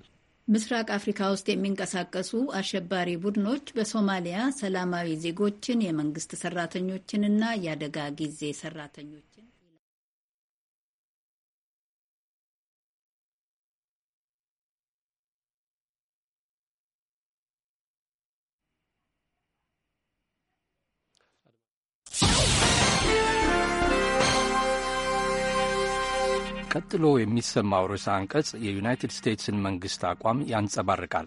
ምስራቅ አፍሪካ ውስጥ የሚንቀሳቀሱ አሸባሪ ቡድኖች በሶማሊያ ሰላማዊ ዜጎችን፣ የመንግስት ሰራተኞችንና የአደጋ ጊዜ ሰራተኞች ቀጥሎ የሚሰማው ርዕሰ አንቀጽ የዩናይትድ ስቴትስን መንግስት አቋም ያንጸባርቃል።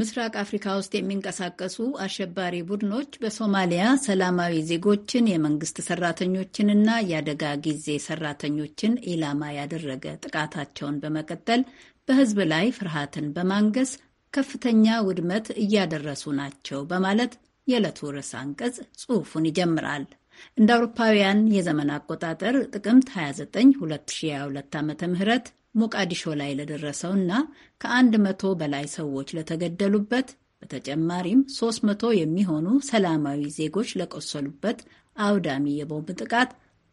ምስራቅ አፍሪካ ውስጥ የሚንቀሳቀሱ አሸባሪ ቡድኖች በሶማሊያ ሰላማዊ ዜጎችን፣ የመንግስት ሰራተኞችንና የአደጋ ጊዜ ሰራተኞችን ኢላማ ያደረገ ጥቃታቸውን በመቀጠል በህዝብ ላይ ፍርሃትን በማንገስ ከፍተኛ ውድመት እያደረሱ ናቸው በማለት የዕለቱ ርዕሰ አንቀጽ ጽሑፉን ይጀምራል። እንደ አውሮፓውያን የዘመን አቆጣጠር ጥቅምት 29 2022 ዓ ም ሞቃዲሾ ላይ ለደረሰው እና ከአንድ መቶ በላይ ሰዎች ለተገደሉበት በተጨማሪም 300 የሚሆኑ ሰላማዊ ዜጎች ለቆሰሉበት አውዳሚ የቦምብ ጥቃት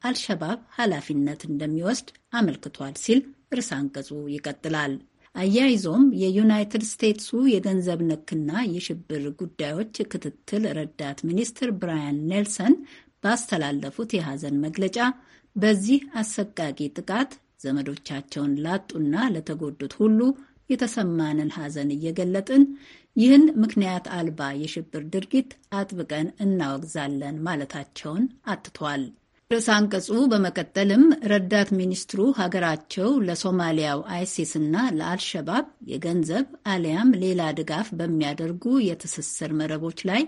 አልሸባብ ኃላፊነት እንደሚወስድ አመልክቷል ሲል ርዕሰ አንቀጹ ይቀጥላል። አያይዞም የዩናይትድ ስቴትሱ የገንዘብ ነክና የሽብር ጉዳዮች ክትትል ረዳት ሚኒስትር ብራያን ኔልሰን ባስተላለፉት የሐዘን መግለጫ በዚህ አሰቃቂ ጥቃት ዘመዶቻቸውን ላጡና ለተጎዱት ሁሉ የተሰማንን ሐዘን እየገለጥን ይህን ምክንያት አልባ የሽብር ድርጊት አጥብቀን እናወግዛለን ማለታቸውን አትቷል። ርዕስ አንቀጹ በመቀጠልም ረዳት ሚኒስትሩ ሀገራቸው ለሶማሊያው አይሲስ እና ለአልሸባብ የገንዘብ አሊያም ሌላ ድጋፍ በሚያደርጉ የትስስር መረቦች ላይ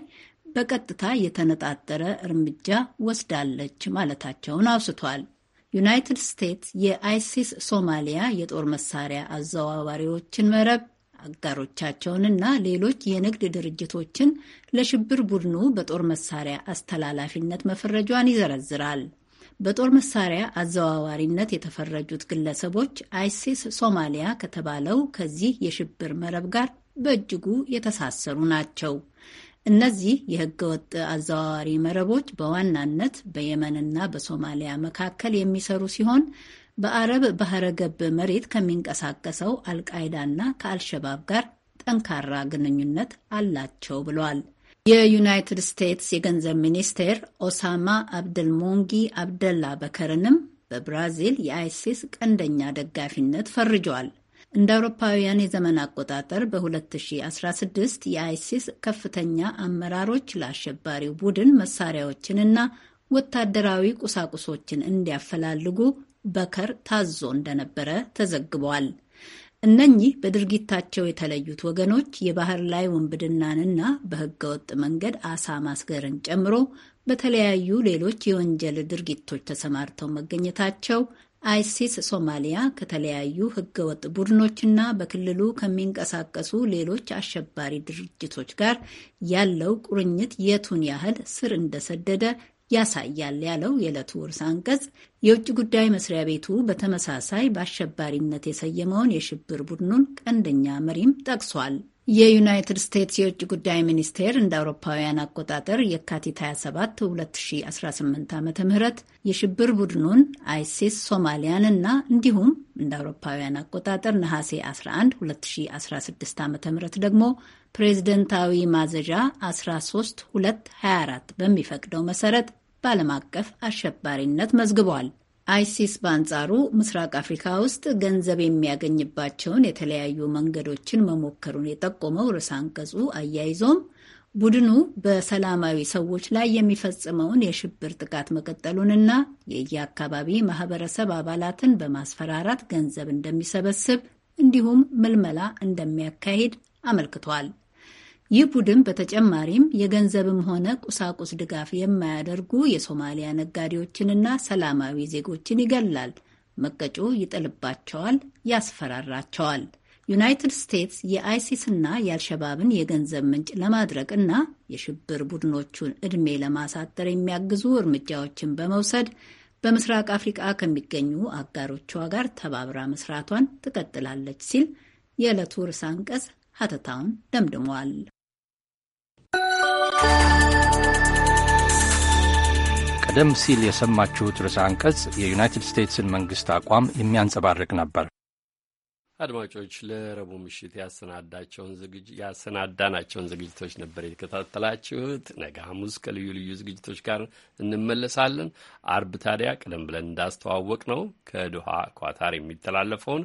በቀጥታ የተነጣጠረ እርምጃ ወስዳለች ማለታቸውን አውስቷል። ዩናይትድ ስቴትስ የአይሲስ ሶማሊያ የጦር መሳሪያ አዘዋዋሪዎችን መረብ አጋሮቻቸውንና ሌሎች የንግድ ድርጅቶችን ለሽብር ቡድኑ በጦር መሳሪያ አስተላላፊነት መፈረጇን ይዘረዝራል። በጦር መሳሪያ አዘዋዋሪነት የተፈረጁት ግለሰቦች አይሲስ ሶማሊያ ከተባለው ከዚህ የሽብር መረብ ጋር በእጅጉ የተሳሰሩ ናቸው። እነዚህ የህገወጥ አዘዋዋሪ መረቦች በዋናነት በየመንና በሶማሊያ መካከል የሚሰሩ ሲሆን በአረብ ባህረ ገብ መሬት ከሚንቀሳቀሰው አልቃይዳና ከአልሸባብ ጋር ጠንካራ ግንኙነት አላቸው ብሏል። የዩናይትድ ስቴትስ የገንዘብ ሚኒስቴር ኦሳማ ሞንጊ አብደላ በከርንም በብራዚል የአይሲስ ቀንደኛ ደጋፊነት ፈርጇል። እንደ አውሮፓውያን የዘመን አቆጣጠር በ2016 የአይሲስ ከፍተኛ አመራሮች ለአሸባሪው ቡድን መሳሪያዎችንና ወታደራዊ ቁሳቁሶችን እንዲያፈላልጉ በከር ታዞ እንደነበረ ተዘግቧል። እነኚህ በድርጊታቸው የተለዩት ወገኖች የባህር ላይ ውንብድናንና በህገወጥ መንገድ አሳ ማስገርን ጨምሮ በተለያዩ ሌሎች የወንጀል ድርጊቶች ተሰማርተው መገኘታቸው አይሲስ ሶማሊያ ከተለያዩ ህገወጥ ቡድኖችና በክልሉ ከሚንቀሳቀሱ ሌሎች አሸባሪ ድርጅቶች ጋር ያለው ቁርኝት የቱን ያህል ስር እንደሰደደ ያሳያል ያለው የዕለቱ ርዕሰ አንቀጽ የውጭ ጉዳይ መስሪያ ቤቱ በተመሳሳይ በአሸባሪነት የሰየመውን የሽብር ቡድኑን ቀንደኛ መሪም ጠቅሷል። የዩናይትድ ስቴትስ የውጭ ጉዳይ ሚኒስቴር እንደ አውሮፓውያን አቆጣጠር የካቲት 27 2018 ዓ ም የሽብር ቡድኑን አይሲስ ሶማሊያን እና እንዲሁም እንደ አውሮፓውያን አቆጣጠር ነሐሴ 11 2016 ዓ ም ደግሞ ፕሬዝደንታዊ ማዘዣ 13 224 በሚፈቅደው መሰረት በዓለም አቀፍ አሸባሪነት መዝግቧል። አይሲስ በአንጻሩ ምስራቅ አፍሪካ ውስጥ ገንዘብ የሚያገኝባቸውን የተለያዩ መንገዶችን መሞከሩን የጠቆመው ርዕሰ አንቀጹ አያይዞም ቡድኑ በሰላማዊ ሰዎች ላይ የሚፈጽመውን የሽብር ጥቃት መቀጠሉንና የየአካባቢ ማህበረሰብ አባላትን በማስፈራራት ገንዘብ እንደሚሰበስብ እንዲሁም ምልመላ እንደሚያካሂድ አመልክቷል። ይህ ቡድን በተጨማሪም የገንዘብም ሆነ ቁሳቁስ ድጋፍ የማያደርጉ የሶማሊያ ነጋዴዎችንና ሰላማዊ ዜጎችን ይገላል፣ መቀጮ ይጥልባቸዋል፣ ያስፈራራቸዋል። ዩናይትድ ስቴትስ የአይሲስና የአልሸባብን የገንዘብ ምንጭ ለማድረግ እና የሽብር ቡድኖቹን ዕድሜ ለማሳጠር የሚያግዙ እርምጃዎችን በመውሰድ በምስራቅ አፍሪቃ ከሚገኙ አጋሮቿ ጋር ተባብራ መስራቷን ትቀጥላለች ሲል የዕለቱ ርዕሰ አንቀጽ ሀተታውን ደምድሟል። ቀደም ሲል የሰማችሁት ርዕሰ አንቀጽ የዩናይትድ ስቴትስን መንግሥት አቋም የሚያንጸባርቅ ነበር። አድማጮች ለረቡዕ ምሽት ያሰናዳናቸውን ዝግጅቶች ነበር የተከታተላችሁት። ነገ ሐሙስ ከልዩ ልዩ ዝግጅቶች ጋር እንመለሳለን። አርብ ታዲያ ቀደም ብለን እንዳስተዋወቅ ነው ከዶሃ ኳታር የሚተላለፈውን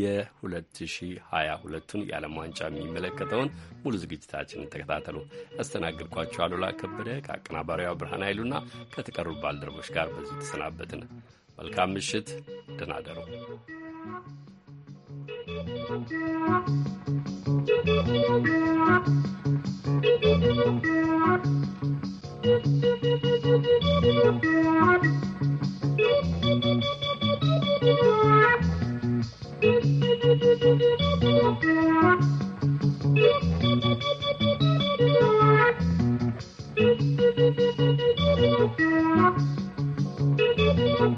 የ2022ቱን የዓለም ዋንጫ የሚመለከተውን ሙሉ ዝግጅታችንን ተከታተሉ። ያስተናግድኳቸው አሉላ ከበደ ከአቀናባሪዋ ብርሃን ኃይሉና ከተቀሩ ባልደረቦች ጋር በዚህ ተሰናበትን። መልካም ምሽት፣ ደህና Thank you.